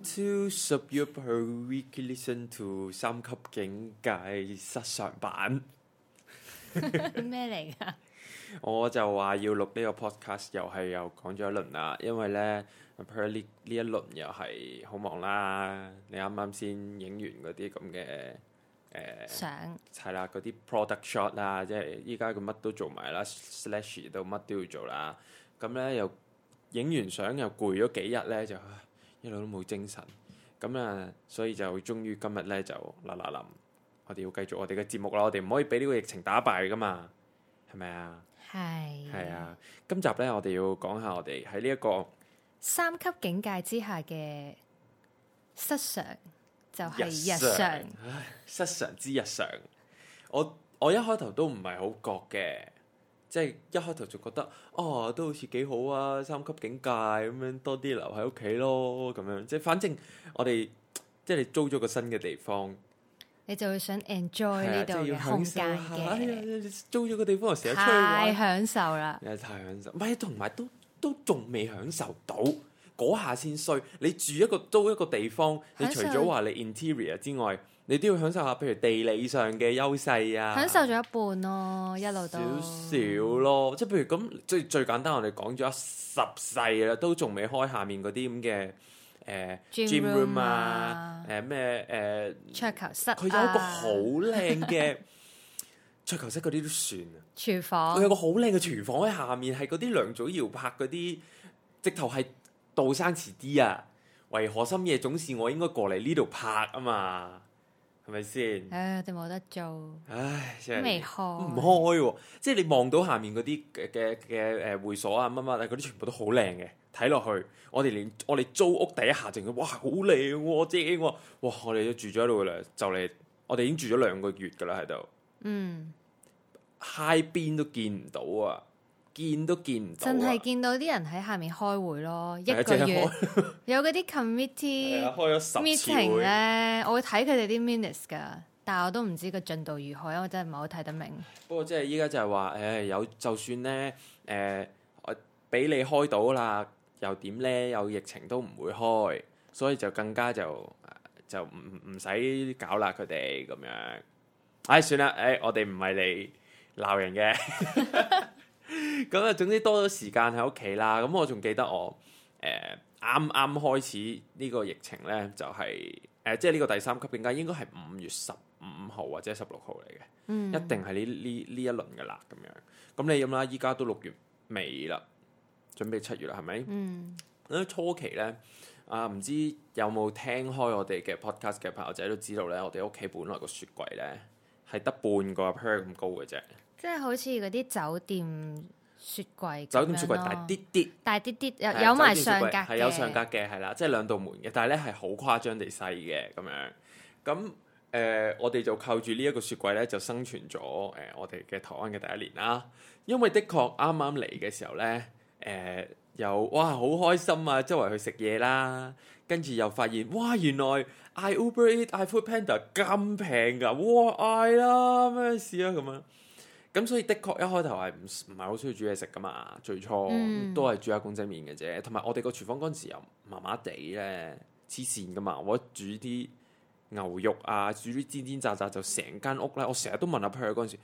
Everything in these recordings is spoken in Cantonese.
S to s s u b 拾壹 per week listen to 三級警戒失常版咩嚟噶？ 我就話要錄呢個 podcast，又係又講咗一輪啦。因為咧 p e 呢呢一輪又係好忙，剛剛、呃、相啦。你啱啱先影完嗰啲咁嘅誒相係啦，嗰啲 product shot 啊，即係依家佢乜都做埋啦，slash 到乜都，都要做啦。咁咧又影完相又攰咗幾日咧就～一路都冇精神，咁啊，所以就終於今日咧就嗱嗱臨，我哋要繼續我哋嘅節目啦，我哋唔可以俾呢個疫情打敗噶嘛，係咪啊？係係啊，今集咧我哋要講下我哋喺呢一個三級警戒之下嘅失常，就係日常，日常 失常之日常。我我一開頭都唔係好覺嘅。即係一開頭就覺得哦，都好似幾好啊，三級警戒，咁樣，多啲留喺屋企咯咁樣。即係反正我哋即係你租咗個新嘅地方，你就會想 enjoy 呢度嘅空間嘅、哎。租咗個地方就成日出去玩，太享受啦！太享受。唔係，同埋都都仲未享受到嗰下先衰。你住一個租一個地方，你除咗話你 interior 之外。你都要享受下，譬如地理上嘅優勢啊！享受咗一半咯，一路都少少咯。即係譬如咁最最簡單，我哋講咗十世啦，都仲未開下面嗰啲咁嘅誒 gym room 啊，誒咩誒桌球室，啊。佢有一個好靚嘅桌球室，嗰啲都算啊。廚房佢有個好靚嘅廚房喺下面，係嗰啲梁祖堯拍嗰啲直頭係杜生詞啲啊。為何深夜總是我應該過嚟呢度拍啊？嘛。係咪先，唉，我哋冇得做，唉，都未開，唔開喎。即係你望到下面嗰啲嘅嘅嘅誒會所啊，乜乜啊，嗰啲全部都好靚嘅，睇落去。我哋連我哋租屋第一下就咁，哇，好靚喎，正喎，啊，哇，我哋都住咗喺度啦，就嚟，我哋已經住咗兩個月噶啦喺度，嗯，嗨邊都見唔到啊！見都見唔到，啊，真係見到啲人喺下面開會咯，對一個月 有嗰啲 committee，開咗十次 meeting 對咧，我會睇佢哋啲 minutes 噶，但我都唔知個進度如何，因為真係唔係好睇得明。不過即係依家就係話，誒、呃、有就算咧，誒、呃、俾你開到啦，又點咧？有疫情都唔會開，所以就更加就就唔唔使搞啦。佢哋咁樣，唉、哎，算啦，誒、哎、我哋唔係嚟鬧人嘅。 咁啊，總之多咗時間喺屋企啦。咁我仲記得我誒，啱、呃、啱開始呢個疫情呢，就係、是、誒、呃，即係呢個第三級警戒，應該係五月十五號或者十六號嚟嘅，嗯、一定係呢呢一輪嘅啦。咁樣，咁你諗啦，依家都六月尾啦，準備七月啦，係咪？嗯，初期呢，啊、呃，唔知有冇聽開我哋嘅 podcast 嘅朋友仔都知道呢，我哋屋企本來個雪櫃呢，係得半個 percent 咁高嘅啫。即係好似嗰啲酒店雪櫃，酒店雪櫃大啲啲，大啲啲有埋上格嘅，係、啊、有，有上格嘅係啦，即係兩道門嘅。但係咧係好誇張地細嘅咁樣。咁誒、呃，我哋就靠住呢一個雪櫃咧，就生存咗誒、呃，我哋嘅台灣嘅第一年啦。因為的確啱啱嚟嘅時候咧，誒、呃、又哇好開心啊，周圍去食嘢啦，跟住又發現哇，原來 i Uber Eat i Food Panda 咁平噶，哇！嗌、哎、啦，咩事啊？咁樣。咁所以的確一開頭係唔唔係好需要煮嘢食噶嘛？最初、嗯、都係煮下公仔麵嘅啫，同埋我哋個廚房嗰陣時又麻麻地咧，黐線噶嘛！我一煮啲牛肉啊，煮啲煎煎炸炸，就成間屋咧。我成日都問下 Peter 嗰時，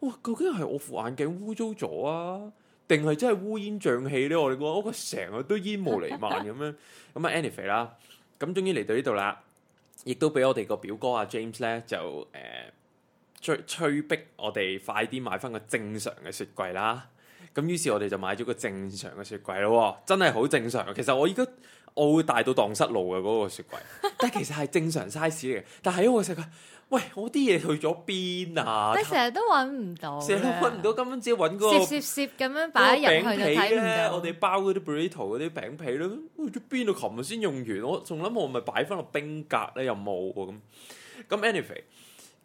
哇！究竟係我副眼鏡污糟咗啊，定係真係烏煙瘴氣咧？我哋個屋個成個都煙霧瀰漫咁樣，咁啊、 嗯、anyway 啦，咁終於嚟到呢度啦，亦都俾我哋個表哥啊 James 咧就誒。呃催催逼我哋快啲買翻個正常嘅雪櫃啦！咁於是，我哋就買咗個正常嘅雪櫃咯，真係好正常。其實我依家我會大到蕩失路嘅嗰個雪櫃，但係其實係正常 size 嚟嘅。但係我成日喂我啲嘢去咗邊啊！你成日都揾唔到，成日揾唔到，今本只要揾嗰個。蝕蝕蝕咁樣擺入去就睇唔到。我哋包嗰啲 Burrito 嗰啲餅皮去咗邊度？琴日先用完。我仲諗我咪擺翻落冰格咧，又冇喎咁。咁 anyway。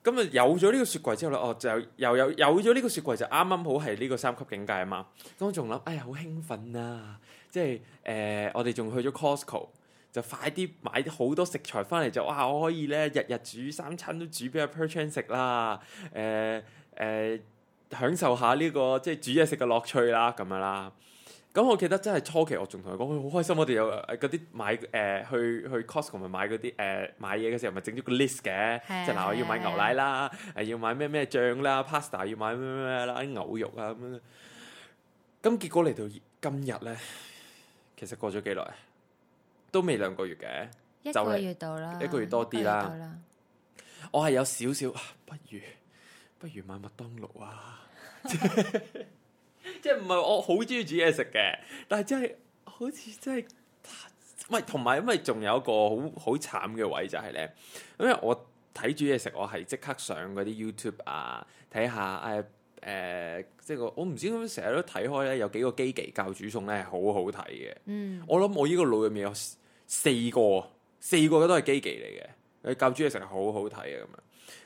咁啊、嗯，有咗呢個雪櫃之後咧，哦，就又有有咗呢個雪櫃，就啱啱好係呢個三級警戒啊嘛！嗯、我仲諗，哎呀，好興奮啊！即係誒、呃，我哋仲去咗 Costco，就快啲買好多食材翻嚟，就哇，我可以咧日日煮三餐都煮俾阿 Perchun 食啦！誒、呃、誒、呃，享受下呢、呢個即係、就是、煮嘢食嘅樂趣啦，咁樣啦～咁我記得真係初期我，我仲同佢講，佢好開心，我哋有嗰啲、啊、買誒、呃、去去 Costco 咪買嗰啲誒買嘢嘅時候，咪整咗個 list 嘅，即係嗱，我要買牛奶啦，誒是、啊、要買咩咩醬啦，pasta 要買咩咩啦，牛肉啊咁樣。咁結果嚟到今日咧，其實過咗幾耐，都未兩個月嘅，一個月到啦，一個月多啲啦。我係有少少、啊，不如不如買麥當勞啊。 即係唔係我好中意煮嘢食嘅，但係真係好似真係，唔係同埋，因為仲有一個好好慘嘅位就係咧，因為我睇煮嘢食，我係即刻上嗰啲 YouTube 啊，睇下誒誒、啊呃，即係我唔知點解成日都睇開咧，有幾個基技教煮餸咧，好好睇嘅。嗯，我諗我呢個腦入面有四個，四個都係基技嚟嘅，教煮嘢食好好睇嘅咁樣。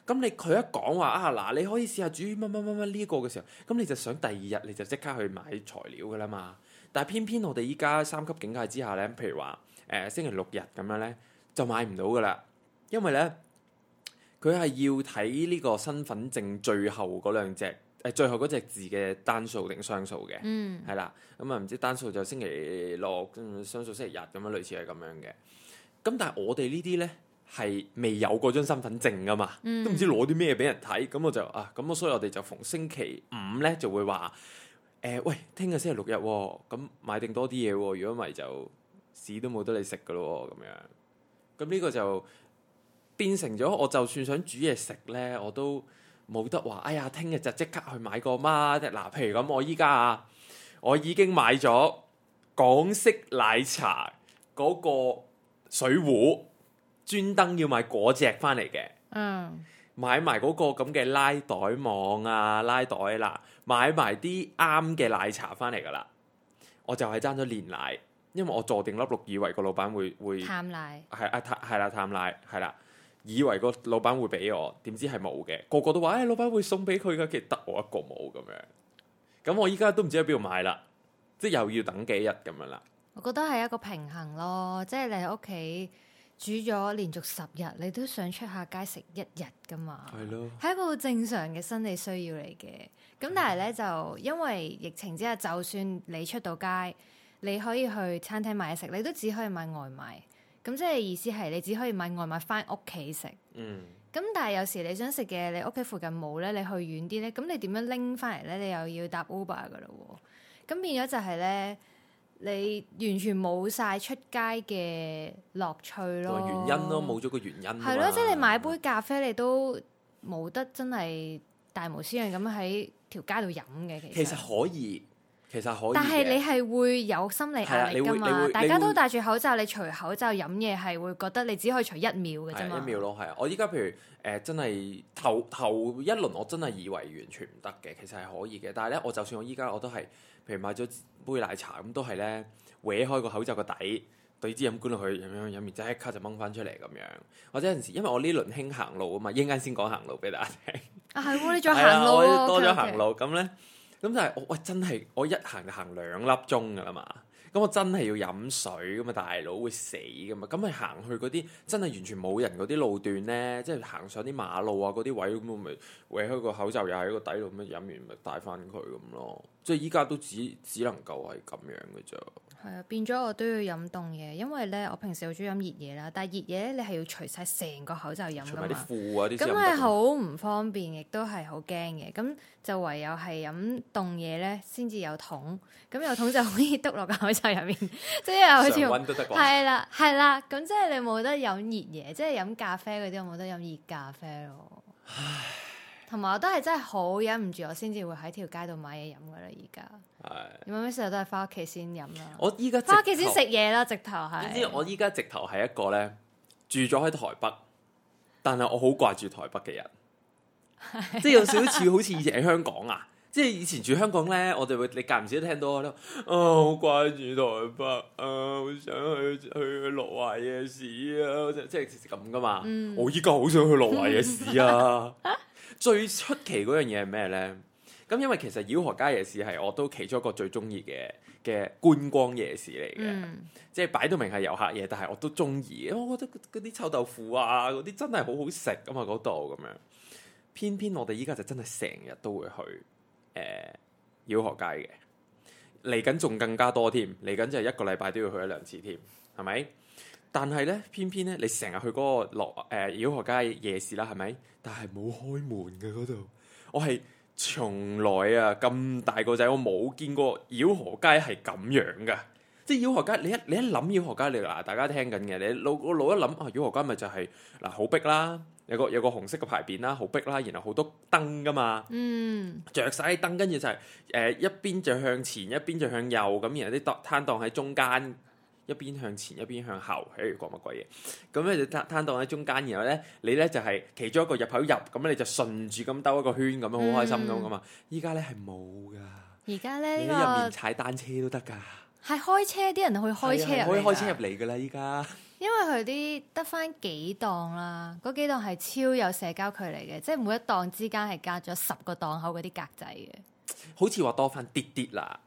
咁你佢一講話啊嗱，你可以試下煮乜乜乜乜呢個嘅時候，咁你就想第二日你就即刻去買材料㗎喇嘛。但係偏偏我哋依家三級警戒之下咧，譬如話誒、呃、星期六日咁樣咧，就買唔到㗎喇，因為咧佢係要睇呢個身份證最後嗰兩隻、呃、最後嗰隻字嘅單數定雙數嘅、嗯，嗯，係啦，咁啊唔知單數就星期六，雙數星期日咁樣類似係咁樣嘅。咁但係我哋呢啲咧。係未有嗰張身份證噶嘛，嗯、都唔知攞啲咩俾人睇，咁我就啊，咁所以我哋就逢星期五呢就會話，誒、呃，喂，聽日星期六日、哦、咁、嗯、買定多啲嘢、哦，如果唔係就屎都冇得你食噶咯，咁樣，咁、嗯、呢、嗯、個就變成咗，我就算想煮嘢食呢，我都冇得話，哎呀，聽日就即刻去買個嘛，嗱、啊，譬如咁，我依家啊，我已經買咗港式奶茶嗰個水壺。專登要買嗰隻翻嚟嘅，嗯，買埋嗰個咁嘅拉袋網啊，拉袋啦，買埋啲啱嘅奶茶翻嚟噶啦，我就係爭咗煉奶，因為我坐定粒六以為個老闆會會探奶，係啊，係啦探奶係啦，以為個老闆會俾奶、啊、我，點知係冇嘅，個個都話誒、哎，老闆會送俾佢噶，其實得我一個冇咁樣，咁我依家都唔知喺邊度買啦，即係又要等幾日咁樣啦。我覺得係一個平衡咯，即、就、係、是、你喺屋企。煮咗連續十日，你都想出下街食一日噶嘛？係咯，係一個好正常嘅生理需要嚟嘅。咁但係咧，對了 就因為疫情之下，就算你出到街，你可以去餐廳買嘢食，你都只可以買外賣。咁即係意思係你只可以買外賣翻屋企食。嗯。咁但係有時你想食嘅你屋企附近冇咧，你去遠啲咧，咁你點樣拎翻嚟咧？你又要搭 Uber 噶咯喎、哦。咁變咗就係咧。你完全冇晒出街嘅樂趣咯，原因咯，冇咗個原因。係咯，即係你買杯咖啡，你都冇得真係大無私樣咁喺條街度飲嘅。其實，其實可以。其實可以，但係你係會有心理壓力噶嘛？大家都戴住口罩，你除口罩飲嘢係會覺得你只可以除一秒嘅啫嘛？一秒咯，係啊！我依家譬如誒、呃、真係頭頭一輪，我真係以為完全唔得嘅，其實係可以嘅。但係咧，我就算我依家我都係，譬如買咗杯奶茶咁，都係咧歪開個口罩個底，對支飲管落去，咁樣飲完即刻就掹翻出嚟咁樣。或者有陣時，因為我呢輪興行路啊嘛，一陣間先講行路俾大家聽啊，係喎，你再行路咯， 多咗行路咁咧。Okay, okay. 咁但係我喂真係我一行就行兩粒鐘㗎啦嘛，咁我真係要飲水㗎嘛，大佬會死㗎嘛，咁咪行去嗰啲真係完全冇人嗰啲路段呢，即係行上啲馬路啊嗰啲位，咁我咪搲開個口罩又喺個底度咁，飲完咪戴翻佢咁咯，即係依家都只只能夠係咁樣嘅咋。係啊，變咗我都要飲凍嘢，因為咧我平時好中意飲熱嘢啦。但係熱嘢你係要除晒成個口罩飲噶嘛？咁係好唔方便，亦都係好驚嘅。咁就唯有係飲凍嘢咧，先至有桶。咁有桶就可以篤落個口罩入面，即係好似溫都得啩。係啦，係啦。咁即係你冇得飲熱嘢，即係飲咖啡嗰啲，我冇得飲熱咖啡咯。唉同埋我都係真係好忍唔住，我先至會喺條街度買嘢飲噶啦。而家係，咁樣成日都係翻屋企先飲啦。我依家翻屋企先食嘢啦，直頭係。總之我依家直頭係一個咧住咗喺台北，但係我好掛住台北嘅人的即係有少少似好似以前喺香港啊。 即係以前住香港咧，我哋會你間唔時都聽到我咧，啊好掛住台北啊，好想去去去樂華夜市啊，即係即係咁噶嘛。嗯、我依家好想去樂華夜市啊。 最出奇嗰樣嘢係咩呢？咁因為其實饒河街夜市係我都其中一個最中意嘅嘅觀光夜市嚟嘅，嗯、即係擺到明係遊客嘢，但係我都中意，我覺得嗰啲臭豆腐啊嗰啲真係好好食啊嘛嗰度咁樣。偏偏我哋依家就真係成日都會去呃、饒河街嘅，嚟緊仲更加多添，嚟緊就係一個禮拜都要去一兩次添，係咪？但係咧，偏偏咧，你成日去嗰個落誒饒河街夜市啦，係咪？但係冇開門嘅，嗰度，我係從來啊咁大個仔，我冇見過饒河街係咁樣嘅。即係饒河街，你一你一諗饒河街，你嗱大家聽緊嘅，你腦我腦一諗啊，饒河街咪就係嗱好逼啦，有個有個紅色嘅牌匾啦，好逼啦，然後好多燈噶嘛，嗯，著晒燈，跟住就係誒一邊就向前，一邊就向右，咁然後啲攤檔喺中間。一邊向前一邊向後，哎，講乜鬼嘢？咁咧就攤檔喺中間，然後咧你咧就係、是、其中一個入口入，咁你就順住咁兜一個圈，咁、嗯、樣好開心咯，咁啊！依家咧係冇噶，而家咧呢個你入面踩單車都得噶，係開車啲人去開車，開車入可以開車入嚟噶啦，依家。因為佢啲得翻幾檔啦，嗰幾檔係超有社交距離嘅，即係每一檔之間係加咗十個檔口嗰啲格仔嘅，好似話多翻啲啲啦。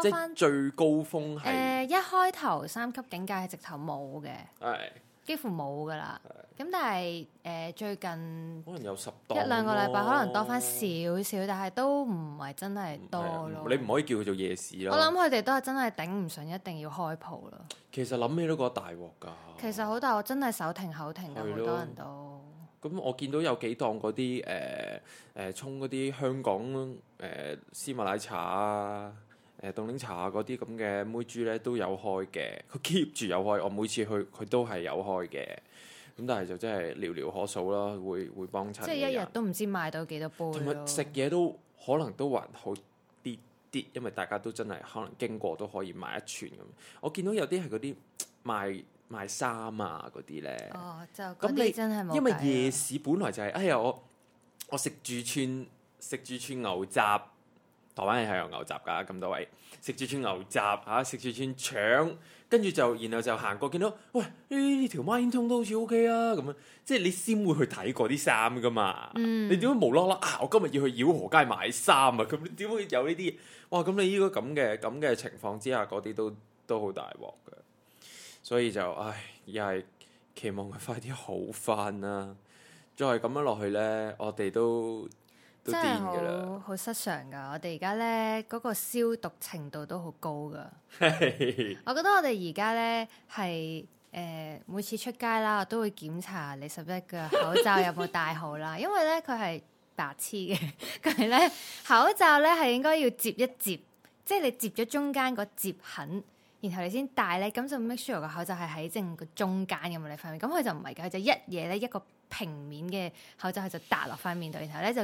即係最高峰係誒、呃、一開頭三級警戒係直頭冇嘅，係的幾乎冇噶啦。咁的但係誒、呃、最近可能有十檔一兩個禮拜，可能多翻少少，的但係都唔係真係多咯。你唔可以叫佢做夜市咯。我諗佢哋都係真係頂唔順，一定要開鋪咯。其實諗起都覺得大鑊㗎。其實好大，我真係手停口停㗎，好多人都咁。我見到有幾檔嗰啲誒誒，沖嗰啲香港誒絲襪奶茶啊。誒凍檸茶嗰啲咁嘅妹豬咧都有開嘅，佢 keep 住有開，我每次去佢都係有開嘅。咁但係就真係寥寥可數啦，會會幫襯。即係一日都唔知賣到幾多杯同埋、啊、食嘢都可能都還好啲啲，因為大家都真係可能經過都可以買一串咁。我見到有啲係嗰啲賣賣衫啊嗰啲咧，哦就咁你真係冇、啊、因為夜市本來就係、是、哎呀我我食住串食住串牛雜。台灣人係有牛雜噶，咁多位食住串牛雜嚇，食、啊、住串腸，跟住就然後就行過見到，喂呢條孖煙筒都好似 OK 啊咁啊！樣即係你先會去睇過啲衫噶嘛，嗯、你點解無啦啦啊？我今日要去繞河街買衫啊！咁你點會有呢啲？哇！咁你呢、這個咁嘅咁嘅情況之下，嗰啲都都好大鑊嘅，所以就唉，又係期望佢快啲好翻啦、啊。再咁樣落去咧，我哋都～真係好好失常噶！我哋而家咧嗰個消毒程度都好高噶。 我覺得我哋而家咧係誒每次出街啦，我都會檢查你拾壹個口罩有冇戴好啦。 因為咧佢係白痴嘅，佢 咧口罩咧係應該要摺一摺，即、就、係、是、你摺咗中間個摺痕，然後你先戴咧，咁就 make sure 個口罩係喺正個中間咁樣嚟翻嚟。咁佢就唔係㗎，佢就一夜咧一個。平面嘅口罩佢就搭落翻面度，然後咧就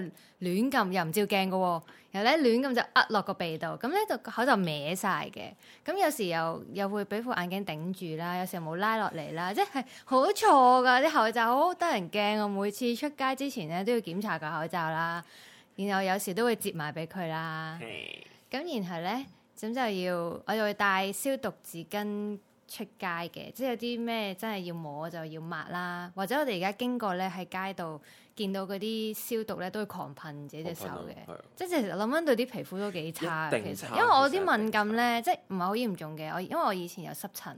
亂撳，又唔照鏡嘅喎、哦，然後咧亂撳就呃落個鼻度，咁呢就個口罩歪晒嘅，咁有時又又會俾副眼鏡頂住啦，有時冇拉落嚟啦，即係好錯嘅啲口罩，好得人驚，我每次出街之前咧都要檢查個口罩啦，然後有時都會接埋俾佢啦，咁 然後咧咁就要我就會帶消毒紙巾。出街嘅，即係有啲咩真係要摸就要抹啦，或者我哋而家經過咧喺街度見到嗰啲消毒咧，都會狂噴自己隻手嘅、啊，的即係其實諗翻對啲皮膚都幾差，差其實因為我啲敏感咧，即係唔係好嚴重嘅。我因為我以前有濕疹，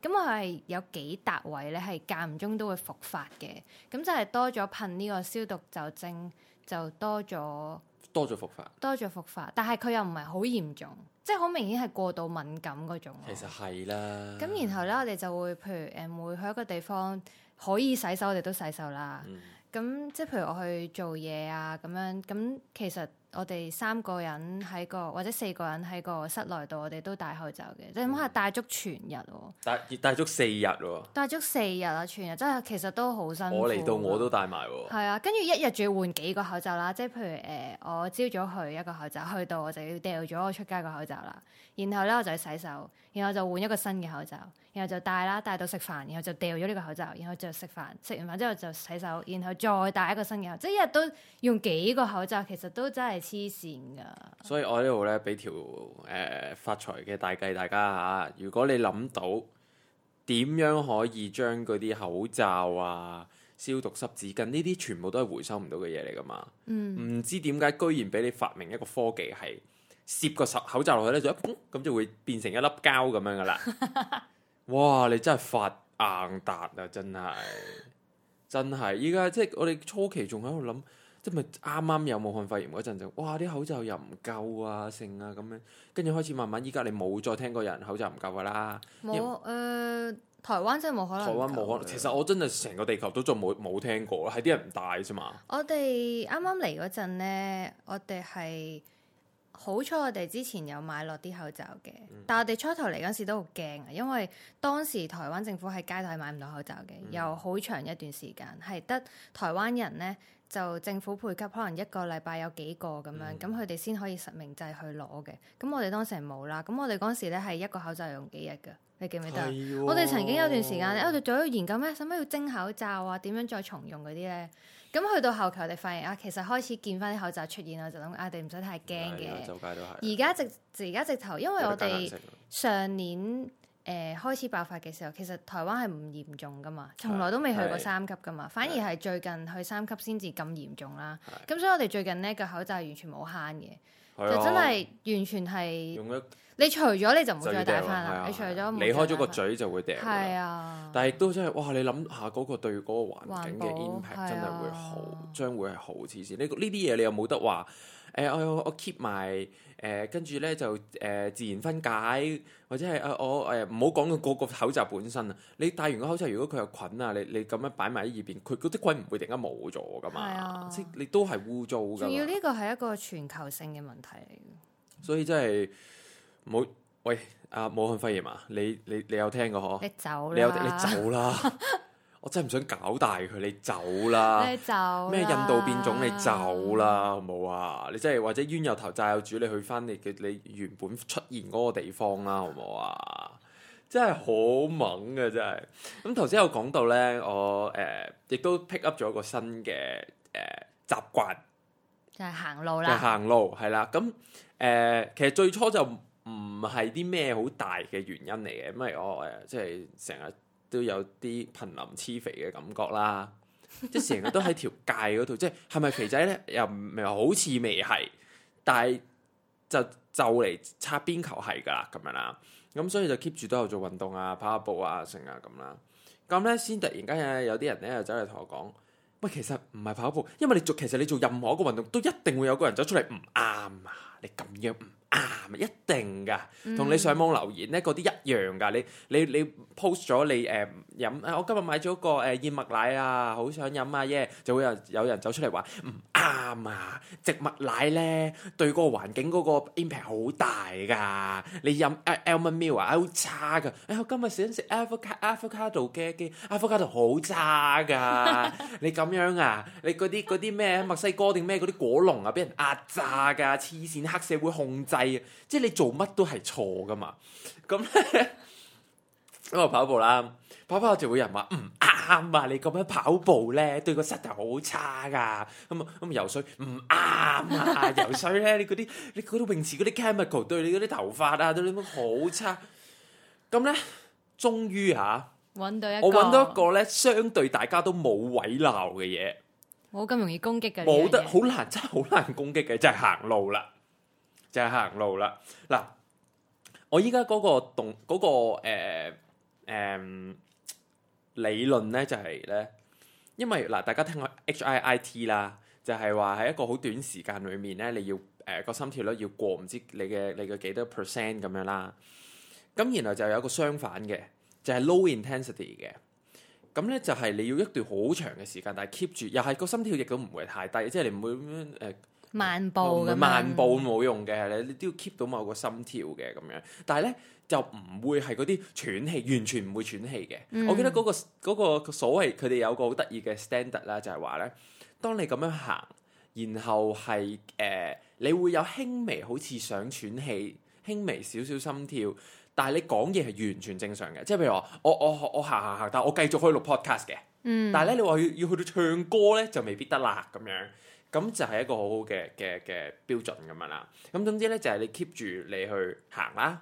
咁我係有幾笪位咧係間唔中都會復發嘅，咁就係多咗噴呢個消毒酒精，就多咗。多咗復發，多咗復發，但係佢又唔係好嚴重，即係好明顯係過度敏感嗰種。其實係啦。咁然後咧，我哋就會譬如誒，每去一個地方可以洗手，我哋都洗手啦。咁、嗯、即係譬如我去做嘢啊，咁樣咁其實。我哋三個人喺個或者四個人喺個室內度，我哋都戴口罩嘅，你諗下戴足全日喎，戴戴足四日喎，戴足四日啦，全日真係其實都好辛苦。我嚟到我都戴埋喎。係啊，跟住一日仲要換幾個口罩啦，即係譬如誒、呃，我朝早去一個口罩，去到我就要掉咗我出街個口罩啦，然後咧我就洗手，然後就換一個新嘅口罩，然後就戴啦，戴到食飯，然後就掉咗呢個口罩，然後就食飯，食完飯之後就洗手，然後再戴一個新嘅口罩，即係一日都用幾個口罩，其實都真係～黐線噶，啊、所以我呢度咧俾條誒、呃、發財嘅大計大家嚇、啊。如果你諗到點樣可以將嗰啲口罩啊、消毒濕紙巾呢啲，全部都係回收唔到嘅嘢嚟噶嘛？嗯，唔知點解居然俾你發明一個科技係攝個手口罩落去咧，就一咁就會變成一粒膠咁樣噶啦。 哇！你真係發硬達啊！真係真係依家即係我哋初期仲喺度諗。即係咪啱啱有武漢肺炎嗰陣就，哇！啲口罩又唔夠啊，剩啊咁樣，跟住開始慢慢，依家你冇再聽過人口罩唔夠噶啦。冇沒，誒為、呃，台灣真係冇可能。台灣冇可能。其實我真係成個地球都仲冇冇聽過，係啲人唔戴啫嘛。我哋啱啱嚟嗰陣咧，我哋係好彩，我哋之前有買落啲口罩嘅。嗯、但係我哋初頭嚟嗰時都好驚啊，因為當時台灣政府喺街度係買唔到口罩嘅，嗯、又好長一段時間係得台灣人咧。就政府配給可能一個禮拜有幾個咁樣，咁佢哋先可以實名制去攞嘅。咁我哋當時冇啦，咁我哋嗰時咧係一個口罩用幾日噶？你記唔記得？哦、我哋曾經有段時間咧、哎，我哋做咗研究咩？使乜要蒸口罩啊？點樣再重用嗰啲咧？咁去到後期我哋發現啊，其實開始見翻啲口罩出現啦、啊啊，就諗啊，我哋唔使太驚嘅。而家直而家直頭，因為我哋上年。誒、呃、開始爆發嘅時候，其實台灣係唔嚴重噶嘛，從來都未去過三級噶嘛，的反而係最近去三級先至咁嚴重啦。咁的所以我哋最近呢個口罩完全冇慳嘅，的就真係完全係。用咗了，你除咗你就唔會再戴翻啦。的你除咗離開咗個嘴就會掉啦。係啊的，但係亦都真係，哇！你諗下嗰個對嗰個環境嘅 impact 真係會好，的的將會係好黐線。呢呢啲嘢你又冇得話。誒我我 keep 埋誒跟住咧就誒自然分解，或者係啊我誒唔好講個個口罩本身啊，你戴完個口罩，如果佢有菌啊，你你咁樣擺埋喺耳邊，佢嗰啲菌唔會突然間冇咗噶嘛，呀即你都係污糟噶。仲要呢個係一個全球性嘅問題嚟嘅，所以真係冇喂啊！武漢肺炎嘛、啊？你你你有聽過嗬？你走啦！你你走啦！我真係唔想搞大佢，你走啦！咩印度變種，你走啦，嗯、好冇啊！你真係或者冤有頭，債有主，你去返你嘅你原本出現嗰個地方啦，好冇啊！真係好猛嘅，真係。咁頭先有講到呢。我誒亦、呃、都 pick up 咗一個新嘅誒、呃、習慣，就係行路，路啦。行路係啦，咁、呃、誒其實最初就唔係啲咩好大嘅原因嚟嘅，因為我誒即係成日。都有啲瀕臨癡肥嘅感覺啦，即係成日都喺條界嗰度，即係係咪肥仔呢？又唔係好似未係，但係就就嚟擦邊球係噶啦咁樣啦，咁所以就 keep 住都有做運動啊，跑下步啊，成啊咁啦，咁呢，先突然間有啲人呢就走嚟同我講，喂，其實唔係跑步，因為你做，其實你做任何一個運動都一定會有個人走出嚟唔啱啊，你咁樣。啊，一定噶，同你上網留言咧嗰啲一樣噶。你你你 post 咗你誒飲誒，我今日買咗個誒燕麥奶啊，好想飲啊耶，就會有有人走出嚟話唔啱啊！植物奶咧對個環境嗰個 impact 好大噶。你飲 Almond Milk 啊，好差噶。誒我今日想食 Avocado Avocado 嘅 Avocado 好渣噶。你咁樣啊？你嗰啲嗰啲咩墨西哥定咩嗰啲果農啊，俾人壓榨噶，黐線黑社會控制。即係你做乜都係錯噶嘛，咁咁 我跑步啦，跑跑就會有人話唔啱啊，你咁樣跑步咧對個膝頭好差噶，咁啊咁 游水唔啱啊，游水咧你嗰啲你嗰啲泳池嗰啲 chemical 對你嗰啲頭髮啊都好、啊、差，咁咧終於吓、啊，揾到一我揾到一個咧相對大家都冇位鬧嘅嘢，冇咁容易攻擊嘅，冇得好難真係好難攻擊嘅就係、是、行路啦。就係行路啦。嗱，我依家嗰個動嗰、嗰個、呃呃、理論咧，就係、係、咧，因為嗱，大家聽過 HIIT 啦，就係話喺一個好短時間裏面咧，你要誒個、呃、心跳率要過唔知你嘅你嘅幾多 percent 咁樣啦。咁然後就有一個相反嘅，就係、係、low intensity 嘅。咁咧就係、係、你要一段好長嘅時間，但係 keep 住，又係個心跳亦都唔會太低，即、就、係、係、你唔會咁樣誒。呃漫步咁、哦，漫步冇用嘅，你你都要 keep 到某個心跳嘅咁樣。但係咧就唔會係嗰啲喘氣，完全唔會喘氣嘅。嗯、我記得嗰、嗰個嗰個所謂佢哋有個好得意嘅 standard 啦，就係話咧，當你咁樣行，然後係誒、呃，你會有輕微好似想喘氣，輕微少少心跳，但係你講嘢係完全正常嘅。即係譬如話，我我我行，行行行，但係我繼續可以錄 podcast 嘅。嗯、但係咧你話要要去到唱歌咧，就未必得啦咁樣。咁就係一個好好嘅嘅嘅標準咁樣啦。咁總之咧，就係、是、你 keep 住你去行啦，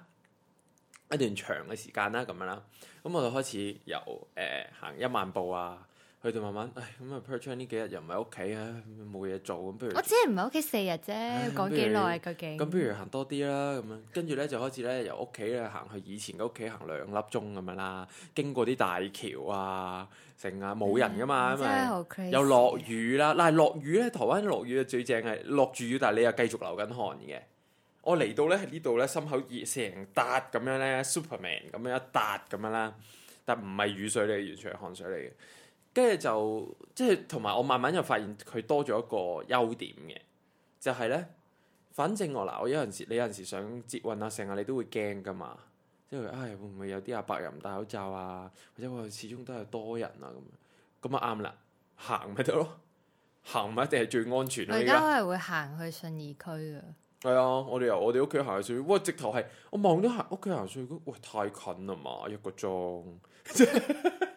一段長嘅時間啦，咁樣啦。咁我就開始由誒、呃、行一萬步啊，去到慢慢。唉，咁、嗯、啊，perch on 呢幾日又唔喺屋企啊，冇嘢做咁。不如我只係唔喺屋企四日啫，唉要講幾耐、啊、如究竟？咁不如行多啲啦，咁樣跟住咧就開始咧由屋企咧行去以前嘅屋企行兩粒鐘咁樣啦，經過啲大橋啊。定啊冇人噶嘛，嗯、因為又落雨啦。嗱，落雨咧，台灣落雨最正係落住雨，但係你又繼續流緊汗嘅。我嚟到咧呢度咧，心口熱成笪咁樣咧，Superman 咁樣一笪咁樣啦。但唔係雨水嚟，完全係汗水嚟嘅。跟住就即係同埋，就係、我慢慢又發現佢多咗一個優點嘅，就係、係、咧，反正我嗱，我有陣時你有陣時想接運啊，成日你都會驚噶嘛。即係，唉、哎，會唔會有啲阿伯人唔戴口罩啊？或者話始終都係多人啊，咁咁啊啱啦，行咪得咯，行咪一定係最安全啦、啊。而家我係會行去信義區噶。係啊，我哋由我哋屋企行去信義區，喂，直頭係我望到行屋企行去信義區，喂，太近啦嘛，一個鐘。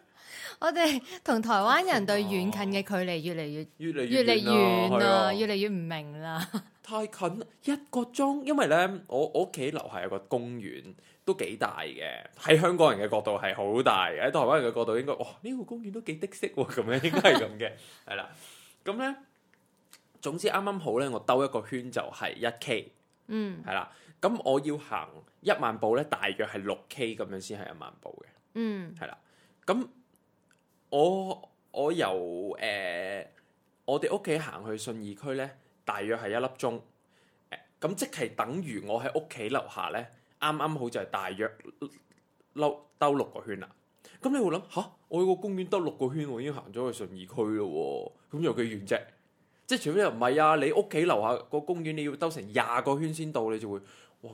我哋同台灣人對遠近嘅距離越嚟越越嚟越遠啊，越嚟越唔、啊啊、明啦。太近一個鐘，因為咧，我我屋企樓下有個公園，都幾大嘅。喺香港人嘅角度係好大，喺台灣人嘅角度應該，哇！呢、這個公園都幾的式喎，咁樣應該係咁嘅，係啦。 咁咧，總之啱啱好咧，我兜一個圈就係一 K，嗯，係啦。咁我要行一萬步咧，大約係六 K 咁樣先係一萬步嘅，嗯，係啦。咁我我由誒、呃、我哋屋企行去信義區咧。大約係一粒鐘，咁、哎、即係等於我喺屋企樓下呢，啱啱好就係大約兜六個圈啦。咁、嗯、你會諗吓，我去個公園兜六個圈，我已經行咗去順義區咯。咁有幾遠啫？即係除非又唔係啊，你屋企樓下個公園你要兜成廿個圈先到，你就會。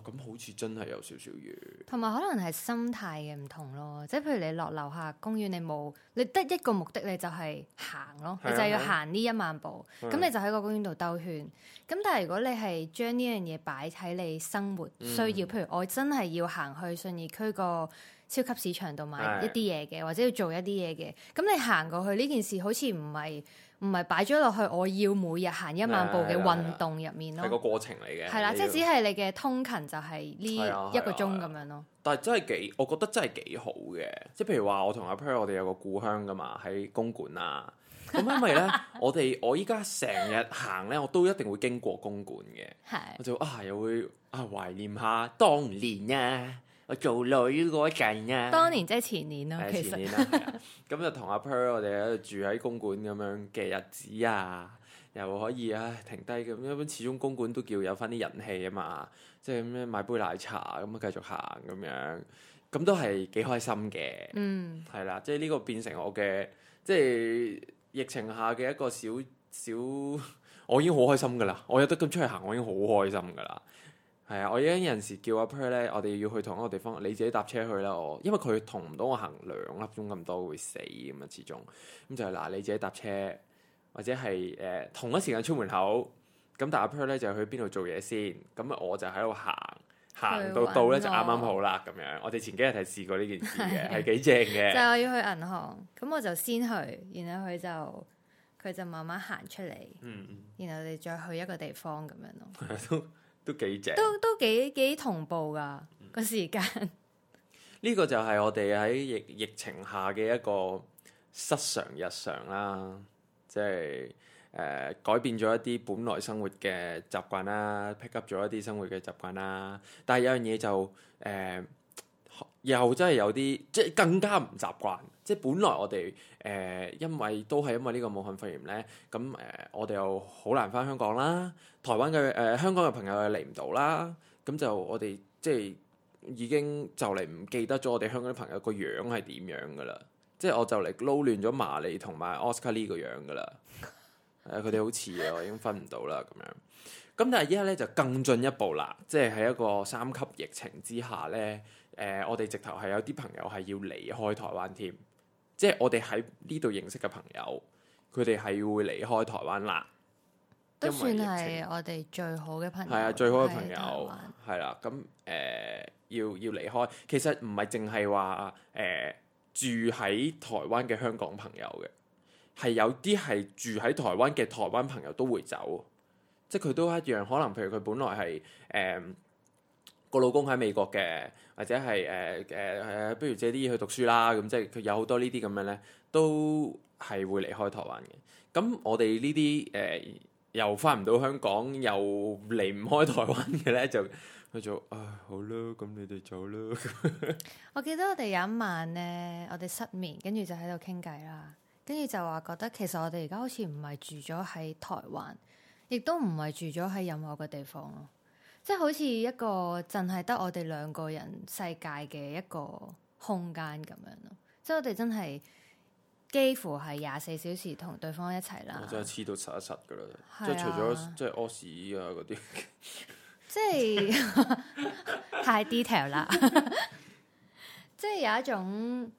咁好似真係有少少嘢，同埋可能係心態嘅唔同咯。即係譬如你落樓下公園你，你冇你得一個目的，你就係行咯，啊、你就係要行呢一萬步。咁、啊、你就喺個公園度兜圈。咁、啊、但係如果你係將呢樣嘢擺喺你生活需、嗯、要，譬如我真係要行去信義區個超級市場度買一啲嘢嘅，啊、或者要做一啲嘢嘅，咁你行過去呢件事好似唔係。唔係擺咗落去，我要每日行一萬步嘅運動入面咯。係個過程嚟嘅。係啦的，要即係只係你嘅通勤就係呢一個鐘咁樣咯。但係真係幾，我覺得真係幾好嘅。即係譬如話，我同阿 Pray 我哋有個故鄉噶嘛，喺公館啊。咁因為咧， 我哋我依家成日行咧，我都一定會經過公館嘅。係的，我就啊又會啊懷念下當年啊。我做女嗰陣啊，當年即係前年咯，其實，前年咯，咁就同阿 Pearl 我哋喺度住喺公館咁樣嘅日子啊，又可以啊停低咁，因為始終公館都叫有返啲人氣啊嘛，即係咩買杯奶茶咁，咪繼續行咁樣，咁都係幾開心嘅，嗯，係啦，即係呢個變成我嘅，即係疫情下嘅一個小小，我已經好開心噶啦，我有得咁出去行，我已經好開心噶啦。係啊，我已經有陣時叫阿 Pr 咧，我哋要去同一個地方，你自己搭車去啦。我因為佢同唔到我行兩粒鐘咁多會死咁啊，始終咁就係嗱，你自己搭車或者係誒同一時間出門口，咁但阿 Pr 咧就去邊度做嘢先，咁啊我就喺度行行到到咧就啱啱好啦咁樣。我哋前幾日係試過呢件事嘅，係幾正嘅。就係我要去銀行，咁我就先去，然後佢就佢就慢慢行出嚟，然後我哋再去一個地方咁樣咯。都，都幾正，都都幾幾同步㗎、嗯、個時間。呢 個就係我哋喺疫疫情下嘅一個失常日常啦，即係誒改變咗一啲本來生活嘅習慣啦，pick up 咗一啲生活嘅習慣啦。但係有樣嘢就誒、呃，又真係有啲即係更加唔習慣。即係本來我哋誒、呃，因為都係因為呢個武漢肺炎咧，咁誒、呃，我哋又好難翻香港啦。台灣嘅誒、呃、香港嘅朋友又嚟唔到啦，咁就我哋即係已經就嚟唔記得咗我哋香港啲朋友個樣係點樣噶啦。即係我就嚟撈亂咗馬利同埋 Oscar Lee 個樣噶啦，誒佢哋好似我已經分唔到啦咁樣。咁但係依家咧就更進一步啦，即係喺一個三級疫情之下咧，誒、呃、我哋直頭係有啲朋友係要離開台灣添。即係我哋喺呢度認識嘅朋友，佢哋係會離開台灣啦。都算係我哋最好嘅朋，朋友，係啊灣，最好嘅朋友係啦。咁誒、呃，要要離開，其實唔係淨係話誒住喺台灣嘅香港朋友嘅，係有啲係住喺台灣嘅台灣朋友都會走，即係佢都一樣。可能譬如佢本來係誒。呃個老公喺美國嘅，或者係誒誒誒，不如借啲嘢去讀書啦，咁、嗯、即係佢有好多呢啲咁樣咧，都係會離開台灣嘅。咁我哋呢啲誒又翻唔到香港，又離唔開台灣嘅咧，就佢就，就唉好啦，咁你哋走啦。 我記得我哋有一晚咧，我哋失眠，跟住就喺度傾偈啦，跟住就話覺得其實我哋而家好似唔係住咗喺台灣，亦都唔係住咗喺任何嘅地方咯。即係好似一個淨係得我哋兩個人世界嘅一個空間咁樣咯，即係我哋真係幾乎係廿四小時同對方一齊啦，我真係黐到實一實噶啦，啊、即係除咗即係屙屎啊嗰啲，即係太 detail 啦，即係有一種。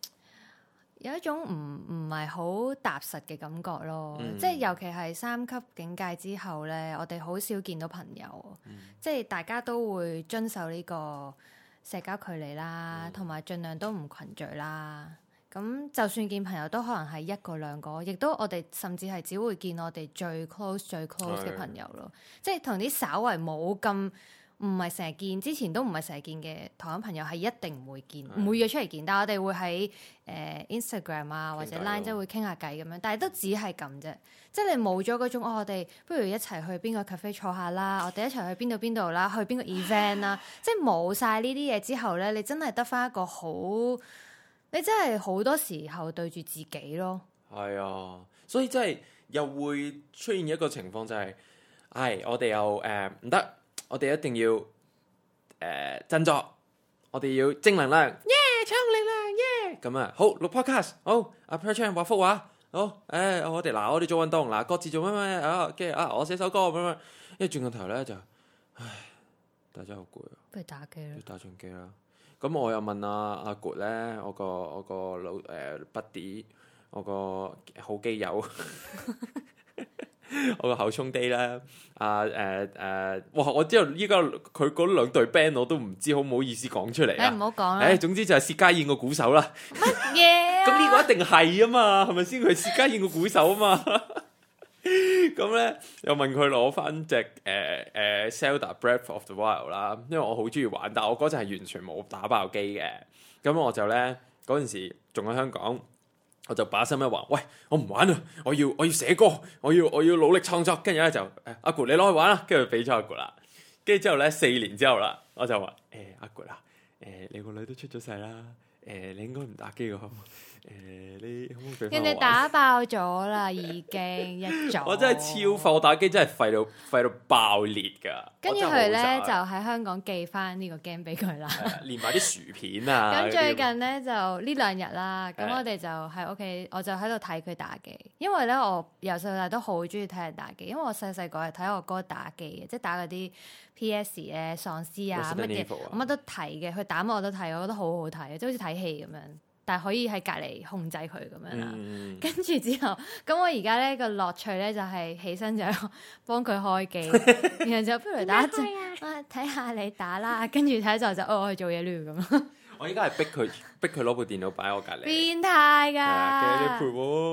有一種唔唔係好踏實嘅感覺咯，嗯、即係尤其係三級警戒之後咧，我哋好少見到朋友，嗯、即係大家都會遵守呢個社交距離啦，同埋盡量都唔群聚啦。咁就算見朋友，都可能係一個兩個，亦都我哋甚至係只會見我哋最 close 最 close 嘅朋友咯，對 即係同啲稍微冇咁。唔係成日見，之前都唔係成日見嘅台灣朋友係一定唔會見，唔會約出嚟見。但係我哋會喺誒、呃、Instagram 啊，或者 Line 即係白會傾下偈咁樣，但係都只係咁啫。即係你冇咗嗰種、哦、我哋不如一齊去邊個 cafe 坐下啦， 我哋一齊去邊度邊度啦，去邊個 event 啦、啊。 即係冇晒呢啲嘢之後咧，你真係得返一個好，你真係好多時候對住自己咯。係 啊，所以即係又會出現一個情況就係、是，唉，我哋又誒唔得。嗯我哋一定要誒振作，我哋要正能量耶！e、yeah, 充力量耶！咁啊，好錄 podcast，好阿 Patrick 畫幅畫，好誒，我哋嗱，我哋做運動，嗱，各自做咩咩啊？跟住啊，我寫首歌咁樣。一轉個頭咧就，唉，真係好攰，啊，不如打機啦，打長機啦。咁我又問阿阿 Good 咧，我個我個老誒 Buddy，我個好基友。 我個口充低啦，啊誒誒，哇！我知道依家佢嗰兩隊 band 我都唔知好唔好意思講出嚟啊，唔好講啦。誒、哎，總之就係薛家燕個鼓手啦，乜嘢、啊？咁呢 個一定係啊嘛，係咪先？佢薛家燕個鼓手啊嘛。咁 咧、嗯、又問佢攞翻隻誒誒《Zelda、呃呃、Breath of the Wild》啦，因為我好中意玩，但係我嗰陣係完全冇打爆機嘅。咁我就咧嗰陣時仲喺香港。我就把心一橫，喂，我唔玩啦，我要我要寫歌，我要我要努力創作，跟住咧就、哎、阿古你攞去玩啦，跟住俾咗阿古啦，跟住之後咧四年之後啦，我就話誒、哎、阿古啊，誒、哎、你個女都出咗世啦，誒、哎、你應該唔打機㗎。誒、欸，你人哋打爆咗啦， 已經一早。 我真係超廢，我打機真係廢到廢到爆裂噶。跟住佢咧就喺香港寄翻呢個 game 俾佢啦，連埋啲薯片啊。咁最近咧就呢兩日啦，咁 我哋就喺屋企，我就喺度睇佢打機。因為咧我由細到大都好中意睇人打機，因為我細細個係睇我哥哥打機嘅，即係打嗰啲 PS 咧喪屍啊乜嘢，乜 麼都睇嘅。佢 打乜我都睇，我覺得好好睇，即係好似睇戲咁樣。但係可以喺隔離控制佢咁樣啦，嗯、跟住之後，咁我而家咧個樂趣咧就係、是、起身就幫佢開機， 然後就不如打字，我睇、啊、下你打啦， 跟住睇在就哦，我去做嘢呢咁。我而家係逼佢， 逼佢攞部電腦擺我隔離，變態㗎、啊，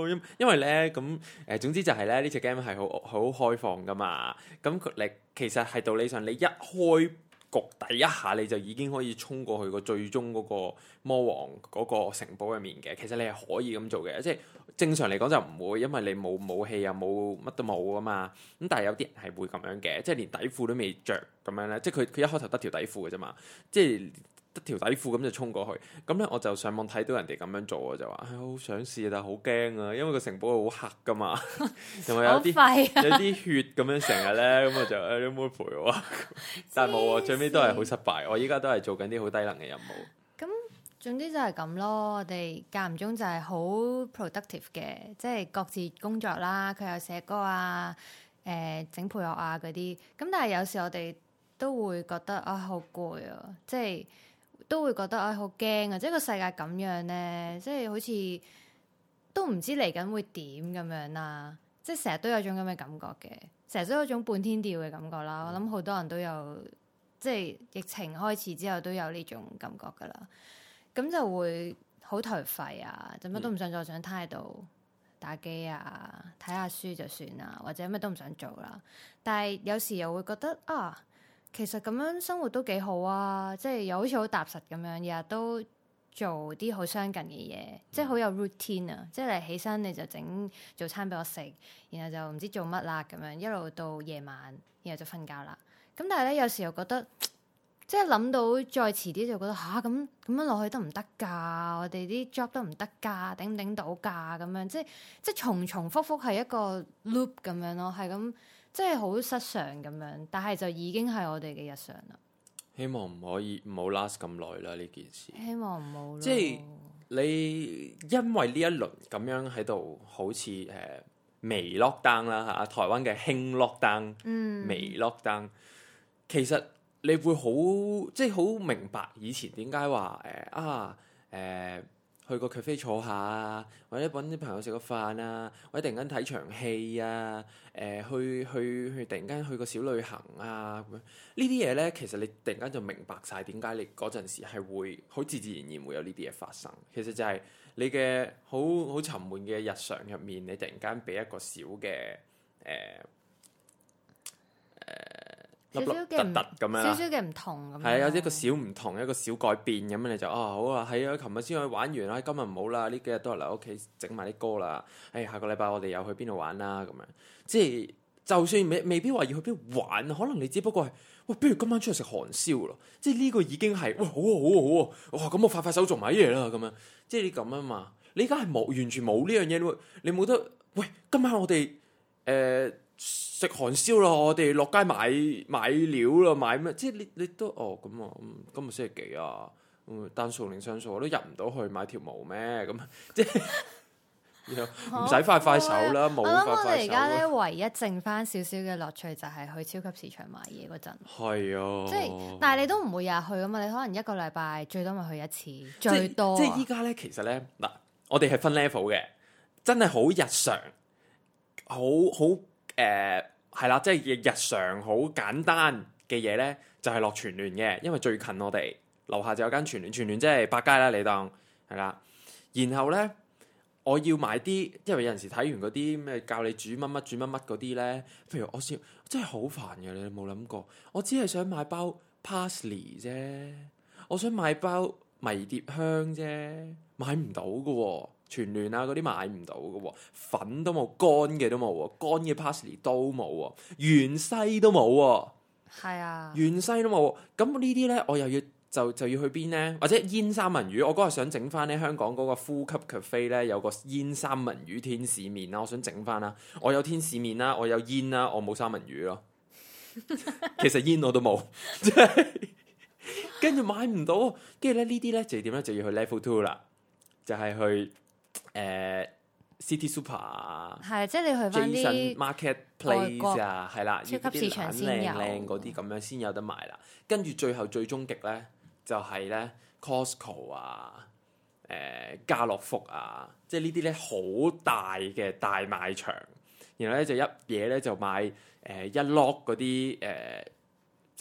因因為咧咁誒，總之就係咧呢隻 game 係好好開放㗎嘛。咁你其實係道理上你一開。焗底一下你就已經可以衝過去個最終嗰個魔王嗰個城堡入面嘅，其實你係可以咁做嘅，即係正常嚟講就唔會，因為你冇武器又冇乜都冇啊嘛，咁但係有啲人係會咁樣嘅，即係連底褲都未着咁樣咧，即係佢佢一開頭得條底褲嘅啫嘛，即係。得條底褲咁就衝過去，咁咧我就上網睇到人哋咁樣做，我就話，唉、哎，好想試，但係好驚啊，因為個城堡好黑噶嘛，同 埋有啲 有啲血咁樣成日咧，咁 我就、哎、你有冇陪我？ 但係冇啊，最尾都係好失敗。我依家都係做緊啲好低能嘅任務。咁總之就係咁咯，我哋間唔中就係好 productive 嘅，即係各自工作啦。佢又寫歌啊，誒、呃、整配樂啊嗰啲。咁但係有時我哋都會覺得啊好攰啊，即係。都會覺得哎好驚啊！即係個世界咁樣呢，即係好似都唔知嚟緊會點咁樣啦、啊。即係成日都有種咁嘅感覺嘅，成日都有一種半天吊嘅感覺啦。我諗好多人都有，即係疫情開始之後都有呢種感覺噶啦。咁就會好頹廢啊，就乜都唔想再想喺度打機啊，睇下書就算啦，或者乜都唔想做啦。但係有時又會覺得啊～其實咁樣生活都幾好啊，即係又好似好踏實咁樣，日日都做啲好相近嘅嘢，即係好有 routine 啊！即係你起身你就整早餐俾我食，然後就唔知做乜啦咁樣，一路到夜晚，然後就瞓覺啦。咁但係咧，有時候覺得，即係諗到再遲啲就覺得吓，咁、啊、咁樣落去得唔得㗎？我哋啲 job 得唔得㗎？頂唔頂到㗎？咁樣即係即係重重複複係一個 loop 咁樣咯，係咁。即係好失常咁樣，但係就已經係我哋嘅日常啦。希望唔可以唔好 last 咁耐啦呢件事。希望唔好啦。即係你因為呢一輪咁樣喺度，好似誒微 lockdown 啦吓，台灣嘅輕 lockdown，嗯，微 lockdown。其實你會好即係好明白以前點解話誒啊誒。呃呃去個咖啡坐下啊，或者揾啲朋友食個飯啊，或者突然間睇場戲啊，誒、呃，去去去，突然間去個小旅行啊，呢啲嘢呢，其實你突然間就明白晒點解你嗰陣時係會好自自然然會有呢啲嘢發生。其實就係你嘅好好沉悶嘅日常入面，你突然間俾一個小嘅誒。呃少少嘅唔少少嘅唔同咁，係啊，有一個小唔同，一個小改變咁樣你就哦、啊、好啊，喺我琴日先可以玩完啦，今日唔好啦，呢幾日都係嚟屋企整埋啲歌啦。誒、哎，下個禮拜我哋又去邊度玩啦、啊、咁樣，即係就算未未必話要去邊度玩，可能你只不過係喂，不如今晚出去食韓燒咯。即係呢個已經係喂，好啊，好啊，好啊，哇！咁我快快手做埋嘢啦，咁樣即係你咁啊嘛。你而家係冇完全冇呢樣嘢，你你冇得喂，今晚我哋誒。呃食韓燒咯，我哋落街買買料咯，買咩？即係你你都哦咁啊，今日星期幾啊？嗯，單數定雙數，我都入唔到去買條毛咩？咁即係唔使快快手啦，冇啦。我諗我哋而家咧唯一剩返少少嘅樂趣就係去超級市場買嘢嗰陣。係啊，即係，但係你都唔會日去㗎嘛？你可能一個禮拜最多咪去一次，最多。即係依家咧，其實咧嗱，我哋係分 level 嘅，真係好日常，好好。誒，係啦，即係日常好簡單嘅嘢呢，就係落全聯嘅，因為最近我哋樓下就有間全聯，全聯即係百佳啦，你當係啦。然後呢，我要買啲，因為有陣時睇完嗰啲咩教你煮乜乜煮乜乜嗰啲呢，譬如我笑，我真係好煩嘅，你有冇諗過？我只係想買包 parsley 啫，我想買包迷迭香啫，買唔到噶。全聯！啊，嗰啲買唔到嘅，哦，粉都冇，乾嘅都冇，哦，乾嘅 parsley 都冇，哦，芫茜都冇，哦，係啊，芫茜都冇。咁呢啲呢，我又要就就要去邊呢？或者煙三文魚，我嗰日想整翻呢香港嗰個呼吸 cafe 呢，有個煙三文魚天使麵啦，我想整翻啦。我有天使麵啦，我有煙啦，我冇三文魚咯。 其實煙我都冇，就是、 跟住，買唔到，跟住咧呢啲呢，就要點咧就要去 level two 啦，就係、是、去。誒、呃、City Super 啊，係即係你去翻啲 marketplace 啊，係啦，超級市場先有嗰啲咁樣先有得買啦。跟住最後最終極咧，就係、是、咧 Costco 啊、誒家樂福啊，即係呢啲咧好大嘅大賣場。然後咧就一嘢咧就買誒、呃、一 lock 嗰啲誒。呃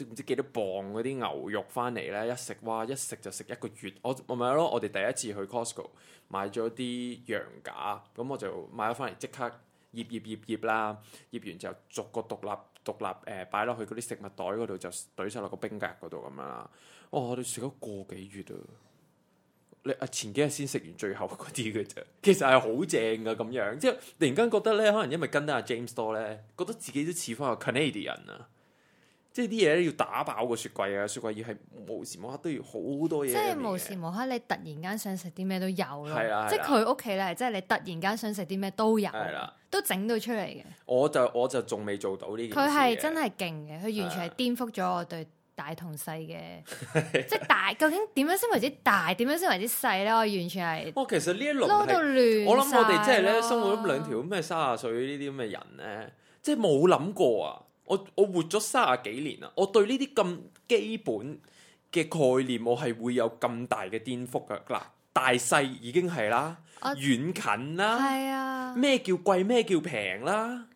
唔知幾多磅嗰啲牛肉翻嚟咧，一食哇，一食就食一個月。我咪咪咯，我哋第一次去 Costco 買咗啲羊架，咁我就買咗翻嚟，即刻醃醃醃醃醃啦，醃完就逐個獨立獨立誒擺落去嗰啲食物袋嗰度，就攤晒落個冰格嗰度咁樣啦。哇！我哋食咗個幾月啊！你啊前幾日先食完最後嗰啲嘅啫，其實係好正㗎咁樣，即係突然間覺得咧，可能因為跟得阿 James 多咧，覺得自己都似翻個 Canadian 啊～即係啲嘢，咧要打爆個雪櫃啊！雪櫃要係無時無刻都要好多嘢。即係無時無刻，你突然間想食啲咩都有咯。係啦，啦即係佢屋企咧，即係你突然間想食啲咩都有。係啦，都整到出嚟嘅。我就我就仲未做到呢件。佢係真係勁嘅，佢完全係顛覆咗我對大同細嘅。是啊、 即係大，究竟點樣先為之大？點樣先為之細咧？我完全係、哦。我其實一得我我呢一輪，我諗我哋即係咧，生活咁兩條咩三十歲呢啲咁嘅人咧，即係冇諗過啊！我我活咗三十幾年啦，我對呢啲咁基本嘅概念，我係會有咁大嘅顛覆噶嗱，大細已經係啦，遠我近啦，啊，咩叫貴咩叫平啦，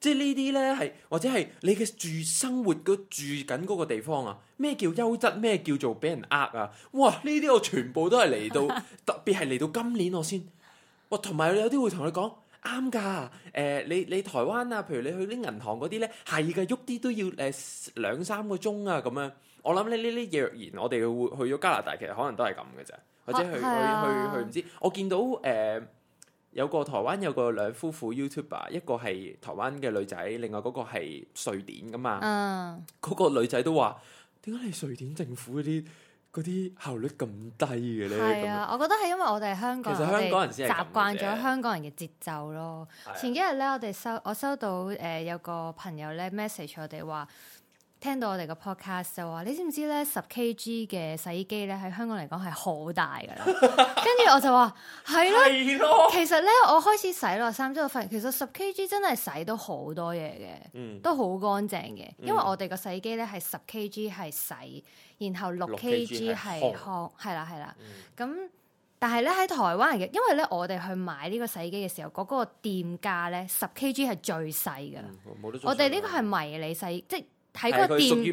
即係呢啲咧係或者係你嘅住生活嗰住緊嗰個地方啊，咩叫優質咩叫做俾人呃啊？哇！呢啲我全部都係嚟到， 特別係嚟到今年我先，哇！同埋有啲會同你講，啱噶，誒、呃、你你台灣啊，譬如你去啲銀行嗰啲咧，係嘅，喐啲都要誒兩三個鐘啊，咁樣。我諗咧，呢呢若然我哋會去咗加拿大，其實可能都係咁嘅咋，或者去、啊、去去唔、啊、知。我見到誒、呃、有個台灣有個兩夫婦 YouTuber，一個係台灣嘅女仔，另外嗰個係瑞典噶嘛，嗰、嗯、個女仔都話點解你瑞典政府嗰啲？嗰啲效率咁低嘅咧，係啊！就我覺得係因為我哋香港人習慣咗香港人嘅節奏咯。啊、前幾日咧，我哋收我收到誒、呃、有個朋友咧 message 我哋話。聽到我哋個 podcast 就話：你知唔知咧十 kg 嘅洗衣機咧喺香港嚟講係好大㗎啦。跟住 我就話係咯。 的其實咧，我開始洗落衫之後發現，其實十 kg 真係洗到好多嘢嘅，嗯、都好乾淨嘅、嗯。因為我哋個洗衣機咧係十 kg 係洗，然後六 kg 係烘，係啦係啦。咁但係咧喺台灣嘅，因為咧我哋去買呢個洗衣機嘅時候，嗰、嗰個店家咧十 kg 係最細㗎。嗯、我哋呢個係迷你洗，即睇個電，係係屬於迷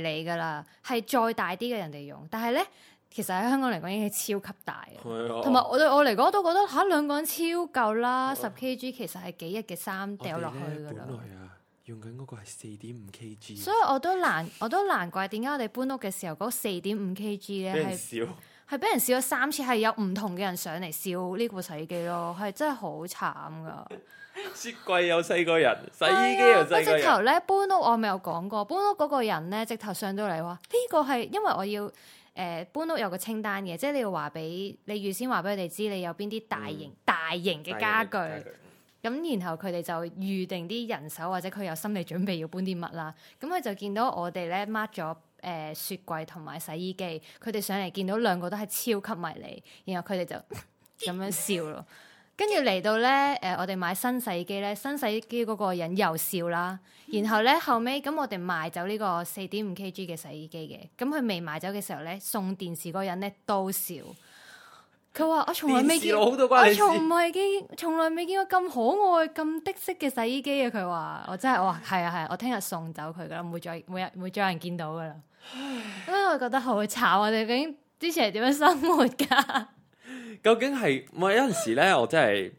你嘅啦，係再大啲嘅人哋用，但係咧，其實喺香港嚟講已經係超級大嘅。同埋 我對我嚟講都覺得吓、啊，兩個人超夠啦，十 kg 其實係幾日嘅衫掉落去㗎啦。啊，用緊嗰個係四點五 kg。所以我都難，我都難怪點解我哋搬屋嘅時候嗰四點五 kg 咧係笑，俾 是人笑咗三次，係有唔同嘅人上嚟笑呢個洗機咯，係真係好慘㗎。 雪櫃有四個人，洗衣機有四個人。啊啊、直頭咧搬屋，我咪有講過。搬屋嗰個人咧，直頭上到嚟話呢個係因為我要誒、呃、搬屋有個清單嘅，即係你要話俾你預先話俾佢哋知你有邊啲大型、嗯、大型嘅家具。咁具然後佢哋就預定啲人手，或者佢有心理準備要搬啲乜啦。咁佢就見到我哋咧 mark 咗誒雪櫃同埋洗衣機，佢哋上嚟見到兩個都係超級迷你，然後佢哋就咁 樣笑咯。 跟住嚟到咧，誒、呃，我哋買新洗衣機咧，新洗衣機嗰個人又笑啦。然後咧，後尾咁，我哋賣走呢個四點五 K G 嘅洗衣機嘅。咁佢未賣走嘅時候咧，送電視嗰人咧都笑。佢話：我從來未見過，我，我從未見，從來未見過咁可愛、咁的式嘅洗衣機啊！佢話：我真係，我係啊，係啊，我聽日送走佢噶啦，冇再，每日冇再人見到噶啦。啊， 我覺得好慘啊！我哋究竟之前係點樣生活噶？究竟係咪、嗯、有陣時咧？我真係